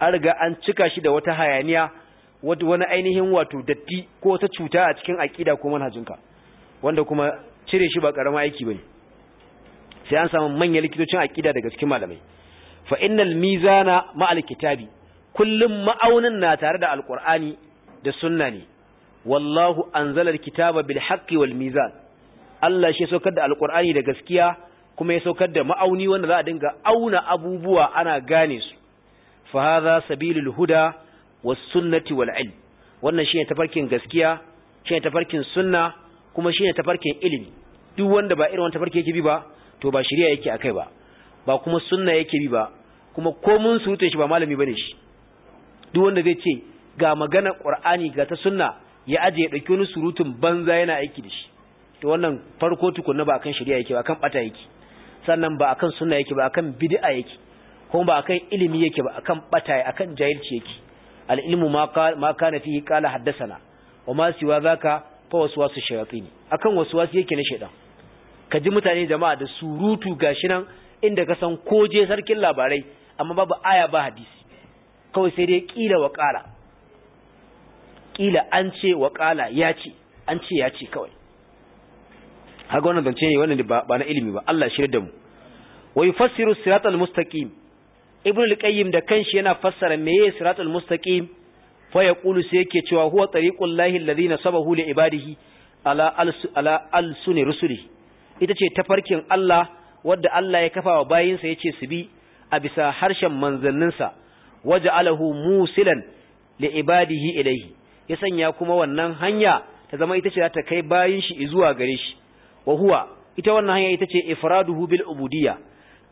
[SPEAKER 1] an riga an cika shi da wata hayaniya wani ainihin wato datti ko wata cuta a cikin aƙida ko manhajinka wanda kuma cire shi ba ƙarama aiki ba ne. sai an samu manyan likitocin aƙida daga cikin malamai fa innal mizana ma'al kitabi kullum ma'aunin na tare da alqur'ani da sunna ne wallahu anzala alkitaba bil haqqi wal mizan Allah shi saukar da alqur'ani da gaskiya kuma ya saukar da ma'auni wanda za a dinga auna abubuwa ana gane su fa hadha sabilul huda was sunnati wal ilm wannan shine tafarkin gaskiya shine tafarkin sunna kuma shine tafarkin ilimi duk wanda ba irin wannan tafarki yake bi ba to ba shari'a yake akai ba ba kuma sunna yake bi ba kuma ko mun surutun shi ba malami bane shi duk wanda zai ce ga magana qur'ani ga ta sunna ya aje ya dauki wani surutun banza yana aiki da shi to wannan farko tukunna ba akan shari'a yake ba akan bata yake sannan ba akan sunna yake ba akan bid'a yake kuma ba akan ilimi yake ba akan bata akan jahilci yake al ilmu ma ma kana fihi qala haddathana wa ma siwa zaka fa waswasu shayatin akan wasu yake na ka ji mutane jama'a da surutu gashi nan inda ka san ko je sarkin labarai amma babu aya ba hadisi kawai sai dai kila wa kala kila an ce wa kala ya ce an ce ya ce kawai haka wannan zance ne wannan ba na ilimi ba Allah shirya da mu wa yufassiru siratal mustaqim ibnu al-qayyim da kanshi yana fassara meye siratal mustaqim fa yaqulu sai yake cewa huwa tariqul lahi alladhina sabahu li ibadihi ala ala al-sunni rusuli ita ce tafarkin Allah wanda Allah ya kafa wa bayinsa yace su bi a bisa harshen manzanninsa waja'alahu musilan li ibadihi ilayhi ya sanya kuma wannan hanya ta zama ita ce za ta kai bayin shi zuwa gare shi wa huwa ita wannan hanya ita ce ifraduhu bil ubudiyya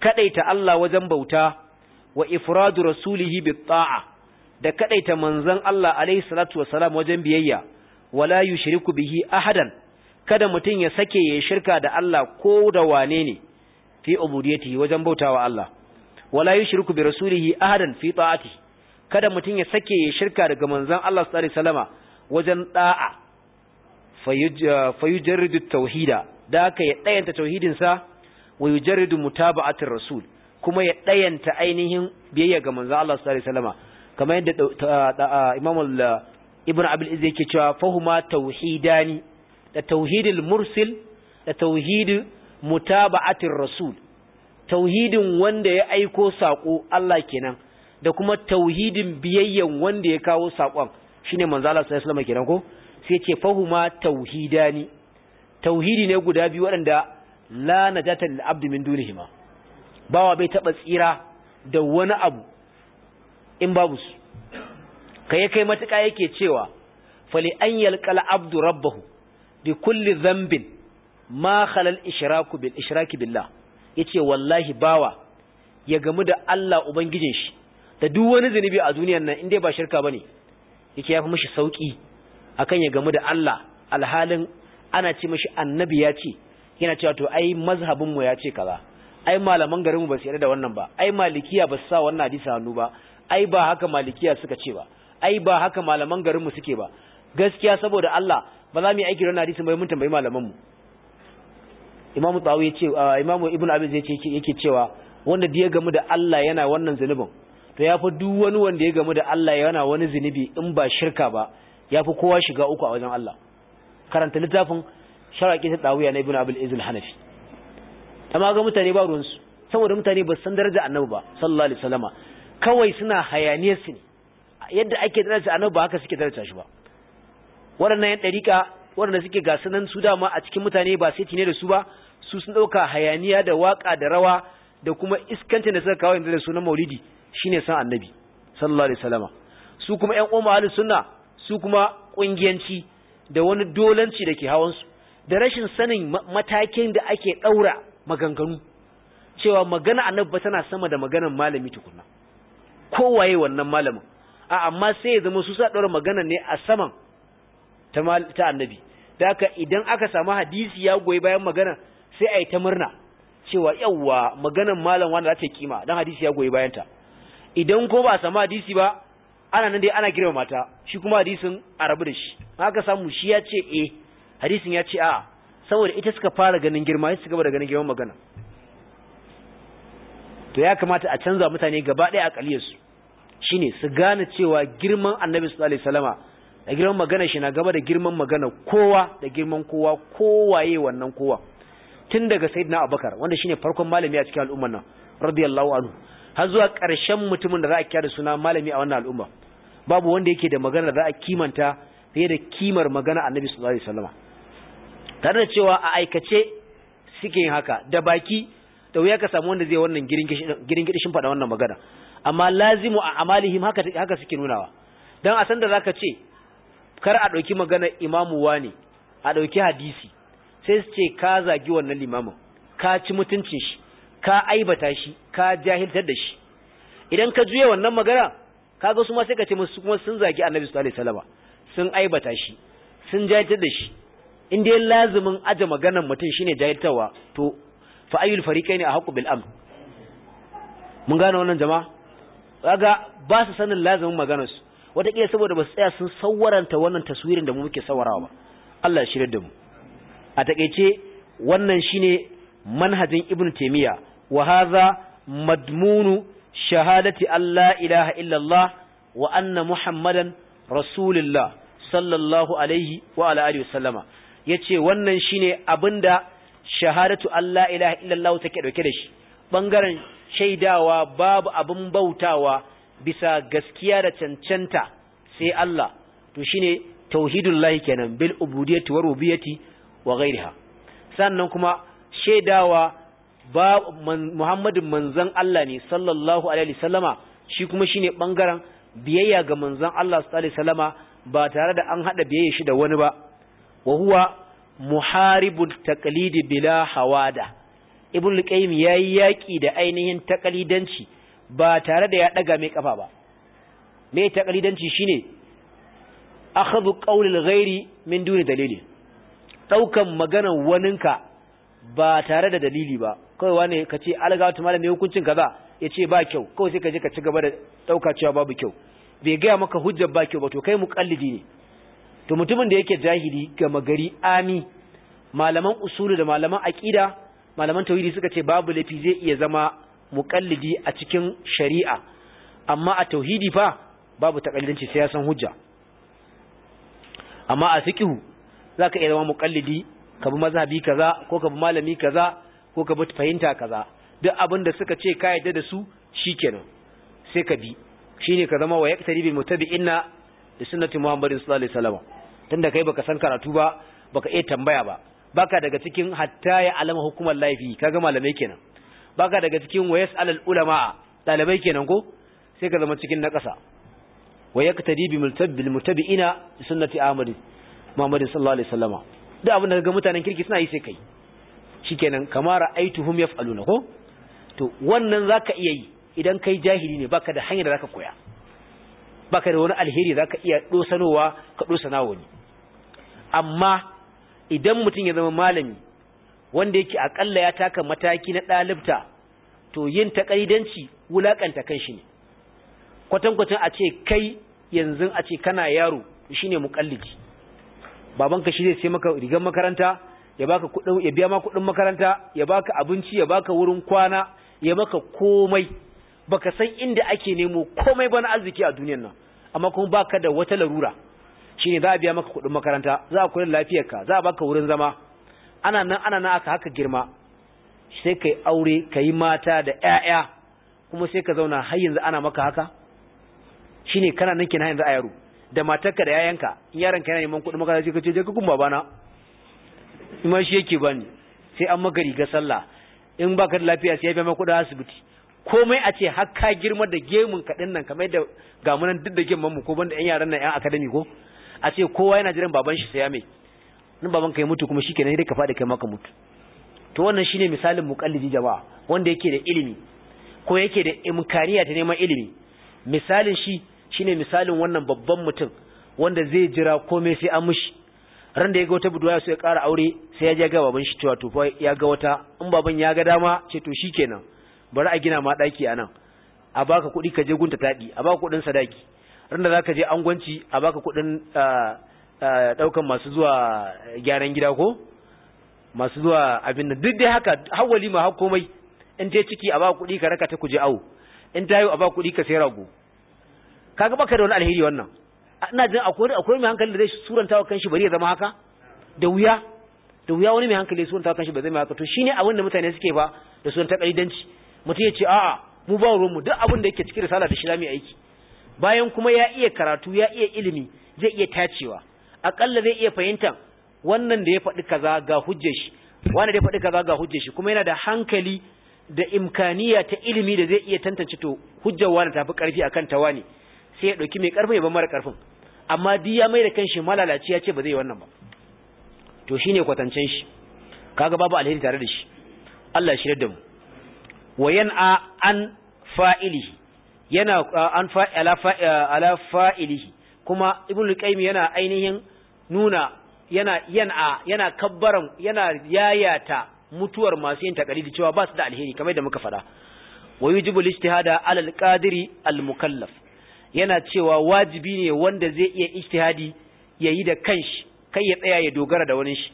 [SPEAKER 1] kadaita Allah wajen bauta wa ifradu rasulihi bit ta'a da kadaita manzon Allah alaihi salatu wassalam wajen biyayya wala yushriku bihi ahadan kada mutun ya sake ya shirka da Allah ko da wane ne fi ubudiyati wajen bautawa Allah wala yushriku bi rasulihi ahadan fi ta'ati kada mutun ya sake ya shirka daga manzon Allah sallallahu alaihi wasallama wajen da'a fayujarridu tauhida da aka ya ɗayanta tauhidinsa wa yujarridu mutaba'atir rasul kuma ya ɗayanta ainihin biyayya ga manzan Allah su tsari salama kamar yadda uh, uh, uh, Imam Ibn Abil Izz yake cewa fahuma tauhidani da tauhidin mursil da tauhid mutaba'atir rasul tauhidin wanda ya aiko saƙo Allah kenan da kuma tauhidin biyayyan wanda ya kawo sakon shine manzan Allah su tsari salama kenan ko sai ce fahuma tauhidani tauhidi ne guda biyu waɗanda la najata lil abdi min dunihima bawa bai taba tsira da wani abu in babu su kai kai matuka yake cewa fali an yalqal abdu rabbahu bi kulli dhanbin ma khala al ishraku bil ishraki billah yace wallahi bawa ya gamu da Allah ubangijin shi da duk wani zunubi a duniyar nan indai ba shirka bane yake yafi mishi sauki akan ya gamu da Allah alhalin ana ce mashi annabi ya ce yana cewa to ai mazhabin ya ce kaza ai malaman garinmu ba su yarda da wannan ba ai malikiya ba su sa wannan hadisi hannu ba ai ba haka malikiya suka ce ba ai ba haka malaman garinmu suke ba gaskiya saboda Allah ba za mu yi aiki da wannan hadisi ba mun tambayi malaman mu Imam Tawi ya ce Imam Ibn Abi Zayd yake cewa wanda da ya gamu da Allah yana wannan zunubin to yafi duk wani wanda ya gamu da Allah yana wani zunubi in ba shirka ba yafi kowa shiga uku a wajen Allah karanta littafin sharaƙi ta tawiya na ibn abul izul hanafi amma ga mutane ba ruwansu saboda mutane ba san daraja annabu ba sallallahu alaihi salama kawai suna hayaniyar su ne yadda ake daraja annabu ba haka suke daraja shi ba waɗannan yan ɗariƙa waɗanda suke gasu nan su dama a cikin mutane ba sai tine da su ba su sun ɗauka hayaniya da waƙa da rawa da kuma iskancin da suka kawo yanzu da sunan maulidi shine san annabi sallallahu alaihi salama su kuma ƴan umma sunna su kuma ƙungiyanci. da wani dolanci da ke hawansu da rashin sanin matakin da ake ɗaura maganganu cewa magana annabba tana sama da maganan malami tukuna kowaye wannan malamin a amma sai ya zama su sa ɗaura magana ne a saman ta annabi da aka idan aka samu hadisi ya goyi bayan magana sai a yi ta murna cewa yawwa maganan malam wanda za ta kima don hadisi ya goyi bayanta idan ko ba a samu hadisi ba ana nan dai ana girma mata shi kuma hadisin Arabu da shi haka samu shi ya ce eh hadisin ya ce a saboda ita suka fara ganin girma ya suka fara ganin girman magana to ya kamata a canza mutane gaba ɗaya akaliyarsu shine su gane cewa girman annabi sallallahu alaihi wasallama da girman magana shi na gaba da girman magana kowa da girman kowa kowaye wannan kowa tun daga sayyidina abubakar wanda shine farkon malami a cikin al'ummar nan radiyallahu anhu har zuwa ƙarshen mutumin da za a kiyar suna malami a wannan al'umma babu wanda yake da magana da za a kimanta fiye da kimar magana annabi sallallahu alaihi wasallama tare da cewa a aikace suke yin haka da baki da wuya ka samu wanda zai wannan shin faɗa wannan magana amma lazimu a amalihim haka haka suke nunawa dan a san da zaka ce kar a dauki magana imamu wani a dauki hadisi sai su ce ka zagi wannan limamin ka ci mutuncin shi ka aibata shi ka jahiltar da shi idan ka juya wannan magana kaga su ma sai ka ce musu kuma sun zagi annabi sallallahu alaihi wasallam sun aibata shi sun jayyata da shi in dai lazimin aje maganar mutum shine jayyatawa to fa ayul fariqaini ahqqu bil amr mun gane wannan jama'a kaga ba su sanin lazimin maganar su wata wataƙila saboda ba su tsaya sun sawaranta wannan taswirin da mu muke sawarawa ba Allah ya shirye da mu a takeice wannan shine manhajin ibnu taymiya wa hadha madmunu shahadati Allah ilaha illallah wa anna Muhammadan Rasulullah sallallahu alaihi wa ala alihi wasallama yace wannan shine abinda shahadatu Allah ilaha illallah take dauke da shi bangaren shaidawa babu abin bautawa bisa gaskiya da cancanta sai Allah to shine tauhidullahi kenan bil ubudiyyati wa rububiyyati wa ghairiha sannan kuma shaidawa ba Muhammadin manzon Allah ne sallallahu alaihi wasallama shi kuma shine bangaren biyayya ga manzon Allah sallallahu alaihi wasallama ba tare da an hada biyayya shi da wani ba wa huwa muharibul taqlid bila hawada ibn al-qayyim yayi yaki da ainihin taqlidanci ba tare da ya daga mai kafa ba mai taqlidanci shine akhadhu al-ghayri min duni dalili daukan maganar waninka ba tare da dalili ba kawai wane ka ce algatu malam hukuncin kaza ya ce ba kyau kawai sai ka je ka ci gaba da ɗauka cewa babu kyau bai gaya maka hujjar ba kyau ba to kai muƙallidi ne to mutumin da yake jahili ga gari ami malaman usulu da malaman aƙida malaman tauhidi suka ce babu laifi zai iya zama muƙallidi a cikin shari'a amma a tauhidi fa babu takallinci sai ya san hujja amma a fiqhu zaka iya zama muƙallidi ka bi mazhabi kaza ko ka bi malami kaza ko ka bi fahimta kaza duk abin da suka ce ka yadda da su shikenan sai ka bi shine ka zama wa yaktari bil mutabi'inna da sunnati muhammadin sallallahu alaihi wasallam tunda kai baka san karatu ba baka iya tambaya ba baka daga cikin hatta ya alama hukumar laifi kaga malamai kenan baka daga cikin wayas alal ulama dalibai kenan ko sai ka zama cikin na ƙasa wa yaktari bil mutabi'ina sunnati ahmadi muhammadin sallallahu alaihi wasallam duk abin da kaga mutanen kirki suna yi sai kai shi shikenan kama ra'aituhum yaf'aluna ko to wannan zaka iya yi idan kai jahili ne baka da hanyar da zaka koya baka da wani alheri zaka iya dosanowa ka dosana wani amma idan mutum ya zama malami wanda yake akalla ya taka mataki na dalibta to yin takaidanci wulakanta kan shi ne kwatankwacin a ce kai yanzu a ce kana yaro shine muqallidi babanka shi zai sai maka rigar makaranta ya baka kudin ya biya ma kudin makaranta ya baka abinci ya baka wurin kwana ya maka komai baka san inda ake nemo komai ba na arziki a duniyar nan amma kuma baka da wata larura shine za a biya maka kudin makaranta za a kula da lafiyarka za a baka wurin zama ana nan ana nan aka haka girma sai kai aure kai mata da ƴaƴa kuma sai ka zauna har yanzu ana maka haka shine kana nan kina yanzu a yaro da matarka da yayanka in yaranka ka yana neman kuɗin makaranta ka ce je ka gun babana in shi yake bani sai an maka riga sallah in baka da lafiya sai ya biya maka kuɗin asibiti komai a ce har ka girma da gemun ka nan kamar da gamunan duk da gemun mu ko banda yan yaran nan yan akadami ko a ce kowa yana jiran baban shi sai ya mai in baban ka ya mutu kuma shikenan sai ka fada kai maka mutu to wannan shine misalin muqallidi jama'a wanda yake da ilimi ko yake da imkaniya ta neman ilimi misalin shi shine misalin wannan babban mutum wanda zai jira komai sai an mushi ran da ya ga wata budurwa sai ya ƙara aure sai ya je ga baban shi cewa to fa ya ga wata in baban ya ga dama ce to shikenan bari a gina ma daki anan a baka kuɗi ka je gunta tadi a baka kuɗin sadaki ran da zaka je angwanci a baka kuɗin daukan masu zuwa gyaran gida ko masu zuwa abin nan duk dai haka hawali ma har komai in ta ciki a baka kuɗi ka raka ta kuje awo in ta yi a baka kuɗi ka sai rago kaga baka da wani alheri wannan ina jin akwai akwai mai hankali da zai suranta wa kanshi bari ya zama haka da wuya da wuya wani mai hankali zai suranta wa kanshi bari ya zama haka to shine abin da mutane suke ba da suranta kalidanci mutum ya ce a'a mu ba mu duk abin da yake cikin risala da shi zamu aiki bayan kuma ya iya karatu ya iya ilimi zai iya tacewa akalla zai iya fahimta wannan da ya faɗi kaza ga hujjar shi wanda da ya faɗi kaza ga hujjar shi kuma yana da hankali da imkaniya ta ilimi da zai iya tantance to hujjar wani tafi karfi akan tawa ne sai ya ɗauki mai ƙarfin ya ba mara ƙarfin. amma di ya mai da kanshi malalaci ya ce ba zai wannan ba to shi ne kwatancen shi kaga babu alheri tare da shi Allah shi da mu yana an fa'ilihi yana an fa'ala kuma ibn qayyim yana ainihin nuna yana yana yana kabbaran yana yayata mutuwar masu yin takalidi cewa ba su da alheri kamar da muka fada wa yujibu al-ijtihada ala al-qadiri al-mukallaf yana cewa wajibi ne wanda zai iya ijtihadi yi da kanshi kai ya tsaya ya dogara da wani shi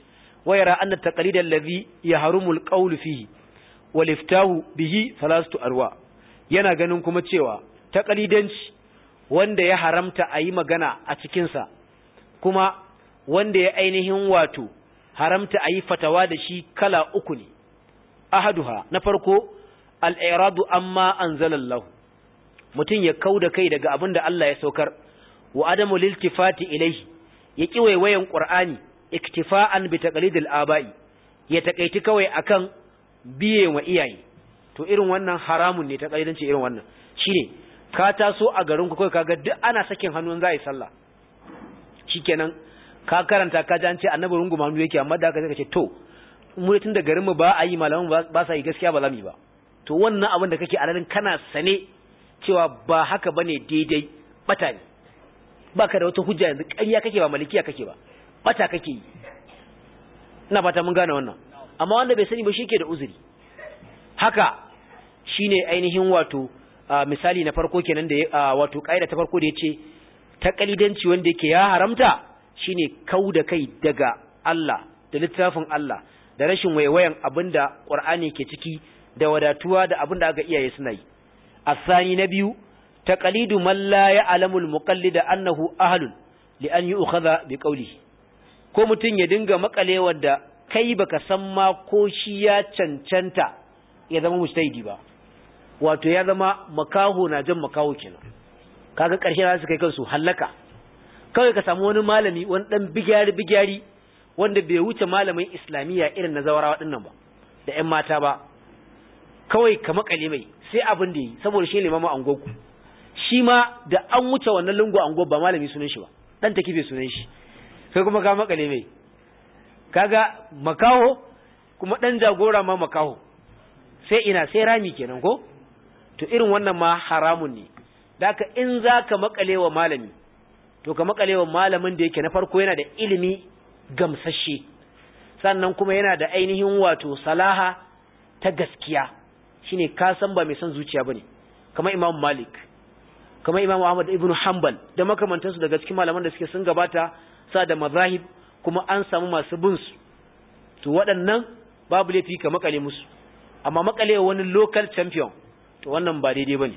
[SPEAKER 1] ra anna taqlidal ladhi yahrumul qawlu fihi wal iftahu bihi thalathatu arwa yana ganin kuma cewa taqlidanci wanda ya haramta a yi magana a cikin sa kuma wanda ya ainihin wato haramta a yi fatawa da shi kala uku ne ahaduha na farko al-i'radu amma anzalallahu mutum ya kau da kai daga abin da Allah ya saukar wa adamu liltifati ilaihi ya ki waiwayen qur'ani iktifa'an bi taqlidil aba'i ya takaiti kawai akan biye wa iyaye to irin wannan haramun ne taqlidanci irin wannan shine ka taso a garin ku kai kaga duk ana sakin hannun za a yi sallah shikenan ka karanta ka ji an ce annabi runguma hannu yake amma da ka ce to mu tun da garin mu ba a yi malaman ba sa yi gaskiya ba za mu yi ba to wannan abin da kake alalin kana sane cewa ba haka bane daidai bata ne ba ka da wata hujja yanzu ƙarya kake ba malikiya kake ba bata kake yi ina fata mun gane wannan amma wanda bai sani ba shi ke da uzuri haka shi ne ainihin wato misali na farko kenan da wato ƙa'ida ta farko da ya ce ta ƙalidanci wanda yake ya haramta shi ne kau da kai daga Allah da littafin Allah da rashin waiwayan abinda Qur'ani ke ciki da wadatuwa da abin da aka iyaye suna yi A sani na الثاني نبي تقليد من لا يعلم المقلد أنه أهل لأن يؤخذ بقوله ko mutum ya dinga makalewar da kai baka san ma ko shi ya cancanta ya zama mujtahidi ba wato ya zama makaho na jan makaho kenan kaga karshe za su kai su hallaka kawai ka samu wani malami wani ɗan bigyari bigyari wanda bai wuce malamin islamiyya irin na zawarawa dinnan ba da ƴan mata ba kawai ka makale mai sai abin da yi saboda shi limamin angoku shi ma da an wuce wannan lungu ango ba malami sunan shi ba dan ta kife sunan shi sai kuma ka makale mai kaga makaho kuma dan jagora ma makaho sai ina sai rami kenan ko to irin wannan ma haramun ne daka in zaka makale wa malami to ka makale wa malamin da yake na farko yana da ilimi gamsashe sannan kuma yana da ainihin wato salaha ta gaskiya shine ka san ba mai son zuciya bane kamar Imam Malik kamar Imam Ahmad ibn Hanbal da su daga cikin malaman da suke sun gabata sa da mazahib kuma an samu masu bin su to waɗannan babu laifi ka makale musu amma makale wani local champion to wannan ba daidai bane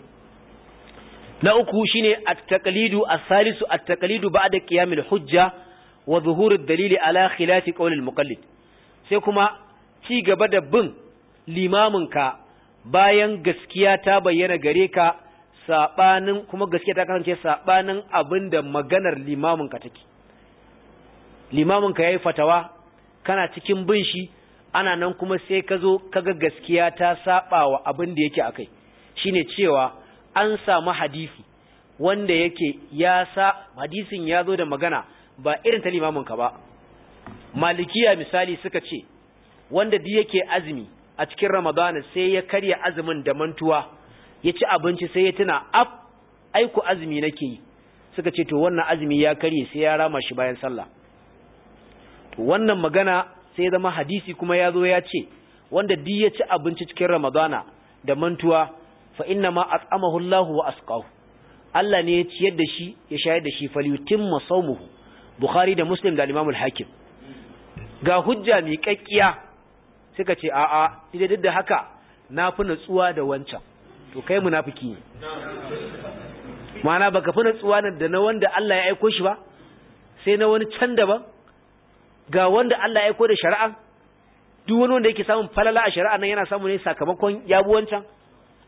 [SPEAKER 1] na uku shine at-taqlidu as-salisu at-taqlidu ba'da qiyam al-hujja wa zuhur ad-dalil ala khilaf qawl al-muqallid sai kuma ci gaba da bin limamin ka bayan gaskiya ta bayyana gare ka sabanin kuma gaskiya ta kasance sabanin abinda maganar limamin ka take limamin ka yayi fatawa kana cikin bin shi ana nan kuma sai ka zo kaga gaskiya ta sabawa abin da yake akai shine cewa an samu hadisi wanda yake ya sa hadisin ya zo da magana ba irin ta limamin ka ba malikiya misali suka ce wanda duk yake azumi a cikin ramadana sai ya karya azumin da mantuwa ya ci abinci sai ya tuna ab aiku azumi nake yi suka ce to wannan azumi ya karye sai ya rama shi bayan sallah to wannan magana sai zama hadisi kuma ya zo ya ce wanda duk ya ci abinci cikin ramadana da mantuwa fa inna ma at'amahu Allahu wa asqahu Allah ne ya ciyar da shi ya shayar da shi falyutimma sawmuhu bukhari da muslim da imam hakim ga hujja miƙaƙƙiya suka ce a'a sai duk da haka na fi natsuwa da wancan to kai munafiki ne ma'ana baka fi natsuwa da na wanda Allah ya aiko shi ba sai na wani can daban ga wanda Allah ya aiko da shari'a duk wani wanda yake samun falala a shari'a nan yana samu ne sakamakon yabu wancan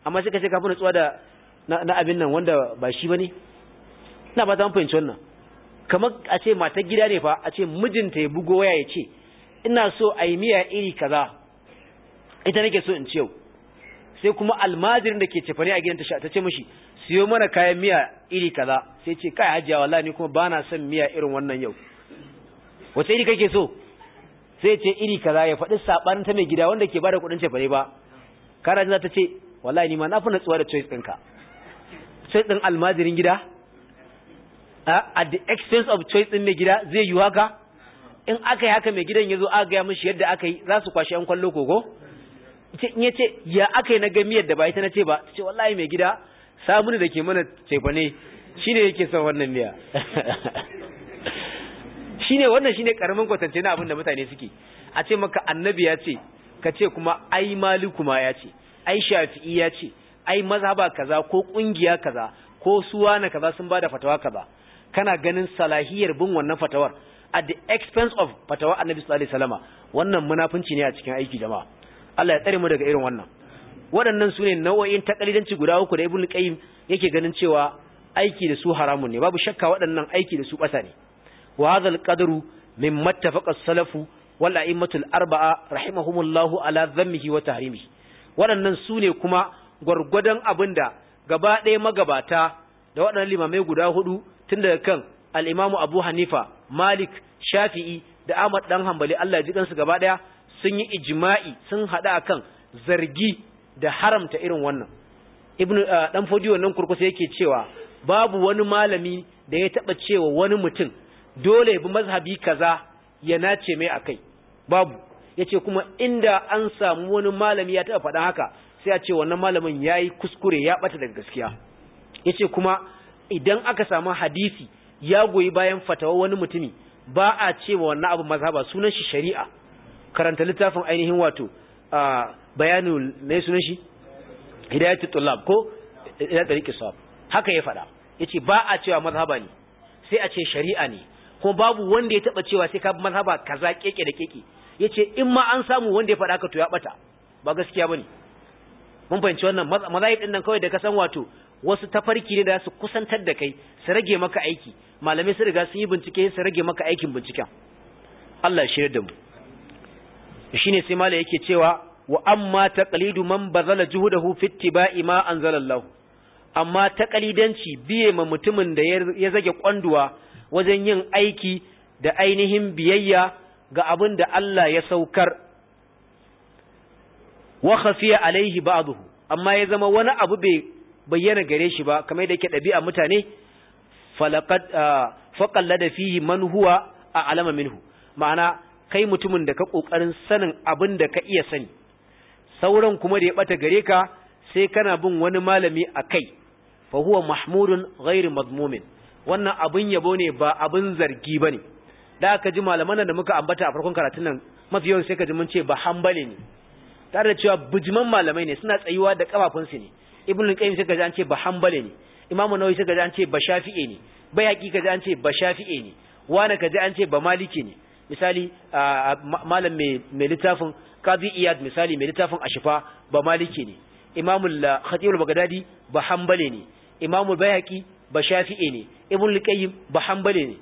[SPEAKER 1] amma suka ce ka fi natsuwa da na abin nan wanda ba shi bane ina ba ta fahimci wannan kamar a ce matar gida ne fa a ce mijinta ya bugo waya ya ce ina so a yi miya iri kaza ita nake so in ciyau sai kuma almajirin da ke cefane a gidan ta ce mishi siyo mana kayan miya iri kaza sai ce kai hajiya wallahi ni kuma bana son miya irin wannan yau wace iri kake so sai ce iri kaza ya faɗi sabanin ta mai gida wanda ke bada kuɗin cefane ba karajin za ta ce wallahi ni ma na fi natsuwa da choice ɗinka choice ɗin almajirin gida at the expense of choice ɗin mai gida zai yi haka in aka yi haka mai gidan ya zo aka gaya mishi yadda aka yi za su kwashi ‘yan kwallo kogo? ya ce ya aka yi na gami da ba ita na ce ba ce wallahi mai gida samun da ke mana cefa ne shi ne yake son wannan miya *laughs* shi ne wannan shi ne ƙaramin kwatance na abin da mutane suke a ce maka annabi ya ce ka ce kuma ai maliku ma ya ce ai shafi'i ya ce ai mazhaba kaza ko ƙungiya kaza ko Suwana kaza sun ba da fatawa kaza kana ganin salahiyar bin wannan fatawar at the expense of fatawa annabi sallallahu alaihi wasallam wannan munafunci ne a cikin aiki jama'a Allah ya tsare mu daga irin wannan waɗannan su ne nau'o'in takalidanci guda uku da ibnu qayyim yake ganin cewa aiki da su haramun ne babu shakka waɗannan aiki da su ɓata ne wa hadha qadru min mattafaqa salafu wal a'immatu arbaa rahimahumullahu ala dhammihi wa tahrimihi waɗannan sune kuma gwargwadon abinda gaba ɗaya magabata da waɗannan limamai guda hudu tun daga kan al-imamu Abu Hanifa Malik Shafi'i da Ahmad dan Hanbali Allah ya ji kansu gaba daya sun yi ijma'i sun hada akan zargi da haramta irin wannan Ibn eh, dan Fodi wannan kurkusa yake cewa babu wani malami da ya taba cewa wani mutum dole bi mazhabi kaza ya nace mai akai babu yace kuma inda an samu wani malami ya taba faɗa haka sai a ce wannan malamin yayi kuskure ya bata daga gaskiya yace kuma idan aka samu hadisi ya goyi bayan fatawa wani mutumi ba a cewa wannan abu mazhaba sunan shi shari'a karanta littafin ainihin wato bayanin ne sunan shi hidayatul tullab ko ila tariqi sawab haka ya fada yace ba a cewa mazhaba ne sai a ce shari'a ne kuma babu wanda ya taba cewa sai ka bi mazhaba kaza keke da keke yace in ma an samu wanda ya fada ka to ya bata ba gaskiya bane mun fahimci wannan mazhabin din nan kawai da ka san wato wasu tafarki ne da su kusantar da kai su rage maka aiki malamai su riga sun yi bincike su rage maka aikin binciken Allah shirya da mu shine sai malai yake cewa wa amma taqlidu man bazala juhudahu fi ittiba'i ma anzalallahu amma taqlidanci biye ma mutumin da ya zage kwanduwa wajen yin aiki da ainihin biyayya ga abin da Allah ya saukar wa khafiya alaihi ba'dahu amma ya zama wani abu bai bayyana gare shi ba kamar da yake ɗabi'a mutane falaqad ah, faqallada fihi man huwa a'lama minhu ma'ana kai mutumin da ka kokarin sanin abin da ka iya sani sauran kuma da ya bata gare ka sai kana bin wani malami akai fa huwa mahmudun ghairu madmumin wannan abin yabo ne ba abin zargi bane da aka ji malaman da muka ambata a farkon karatun nan mafi yawan sai ka ji mun ce ba hambale ne tare da cewa bijiman malamai ne suna tsayuwa da kafafunsu ne ibn al-qayyim sai ga an ce ba hanbali ne imam an-nawawi sai ga an ce ba shafi'i ne Bayaki ga an ce ba shafi'i ne wani ga an ce ba maliki ne misali malam mai littafin qadi iyad misali mai littafin ashfa ba maliki ne imam al-khatib al-baghdadi ba hanbali ne imam al ba shafi'i ne ibn al-qayyim ba hanbali ne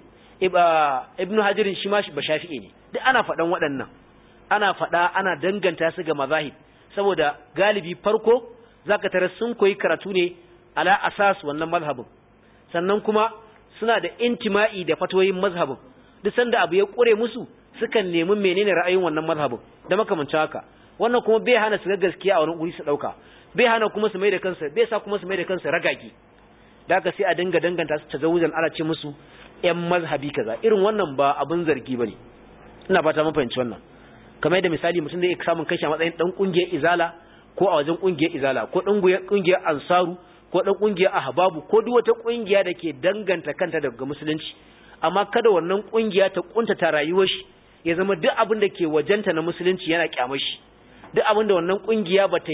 [SPEAKER 1] ibn hajar shi ma ba shafi'i ne duk ana faɗan waɗannan ana faɗa ana danganta su ga mazahib saboda galibi farko Za ka tare sun koyi karatu ne ala asas wannan mazhabin sannan kuma suna da intima'i da fatoyin mazhabin duk sanda abu ya kure musu sukan nemi menene ra'ayin wannan mazhabin da makamancin haka wannan kuma bai hana su ga gaskiya a wani guri su dauka bai hana kuma su mai da kansa bai sa kuma su mai da kansa ragage da haka sai a dinga danganta su tazawujan ana ce musu yan mazhabi kaza irin wannan ba abun zargi bane ina fata mun fahimci wannan kamar yadda misali mutum zai samun kashi a matsayin dan kungiyar izala ko a wajen ƙungiyar izala ko ɗan kungiyar ansaru ko dan ƙungiyar ahbabu ko duk wata ƙungiya da ke danganta kanta daga musulunci amma kada wannan kungiya ta ta rayuwar shi ya zama duk abin da ke wajenta na musulunci yana kyamar shi duk abin da wannan kungiya ba ta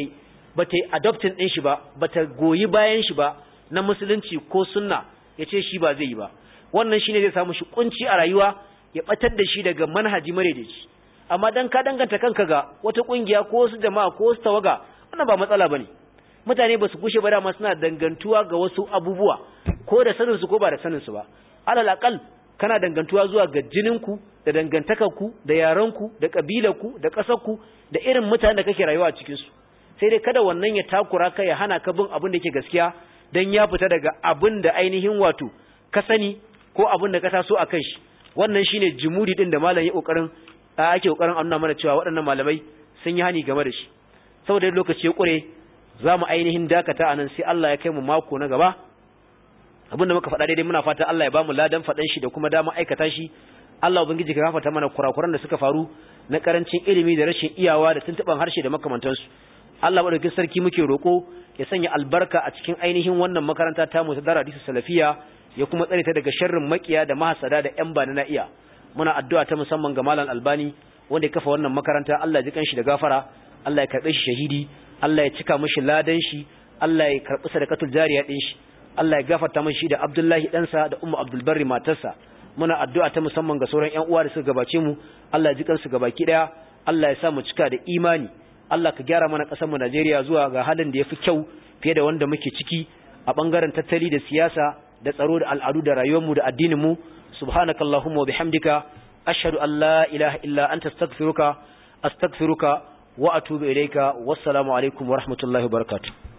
[SPEAKER 1] ba ta ɗin shi ba ba ta goyi bayan shi ba na musulunci ko sunna ya ce shi ba zai yi ba wannan shine zai samu shi kunci a rayuwa ya ɓatar da shi daga manhaji da shi. amma dan ka danganta kanka ga wata kungiya ko su jama'a ko su tawaga wannan ba matsala bane mutane ba su gushe ba dama suna dangantuwa ga wasu abubuwa ko da sanin su ko ba da sanin su ba alal aqal kana dangantuwa zuwa ga jininku da dangantakarku da yaranku da kabilarku da ƙasarku da irin mutanen da kake rayuwa a cikin su sai dai kada wannan ya takura ka ya hana ka bin abin da yake gaskiya dan ya fita daga abin da ainihin wato ka sani ko abin da ka taso akan shi wannan shine jimudi din da malam ya kokarin ake kokarin a nuna mana cewa waɗannan malamai sun yi hani game da shi saboda lokaci ya kure za mu ainihin dakata a nan sai Allah ya kai mu mako na gaba abinda muka faɗa daidai muna fata Allah ya bamu ladan faɗan shi da kuma dama aikata shi Allah ubangiji ka gafarta mana kurakuran da suka faru na karancin ilimi da rashin iyawa da tuntuban harshe da makamantansu Allah madaukakin sarki muke roko ya sanya albarka a cikin ainihin wannan makaranta ta mu ta dara salafiya ya kuma tsare ta daga sharrin makiya da mahasada da yan bana na iya muna addu'a ta musamman ga malam albani wanda ya kafa wannan makaranta Allah ya ji kanshi da gafara Allah ya karbe shi shahidi Allah ya cika mishi ladan shi Allah ya karbi sadakatul jariya din shi Allah ya gafarta mishi da Abdullahi ɗansa da Ummu Abdul Barri matarsa muna addu'a ta musamman ga sauran ƴan uwa da suka gabace mu Allah ya ji kansu gabaki daya Allah ya sa mu cika da imani Allah ka gyara mana ƙasar mu Najeriya zuwa ga halin da yafi kyau fiye da wanda muke ciki a bangaren tattali da siyasa da tsaro da al'adu da rayuwar mu da addinin mu subhanakallahumma wa bihamdika ashhadu ashadu la ilaha illa anta astaghfiruka astaghfiruka wa atubu ilayka wassalamu alaikum wa rahmatullahi wa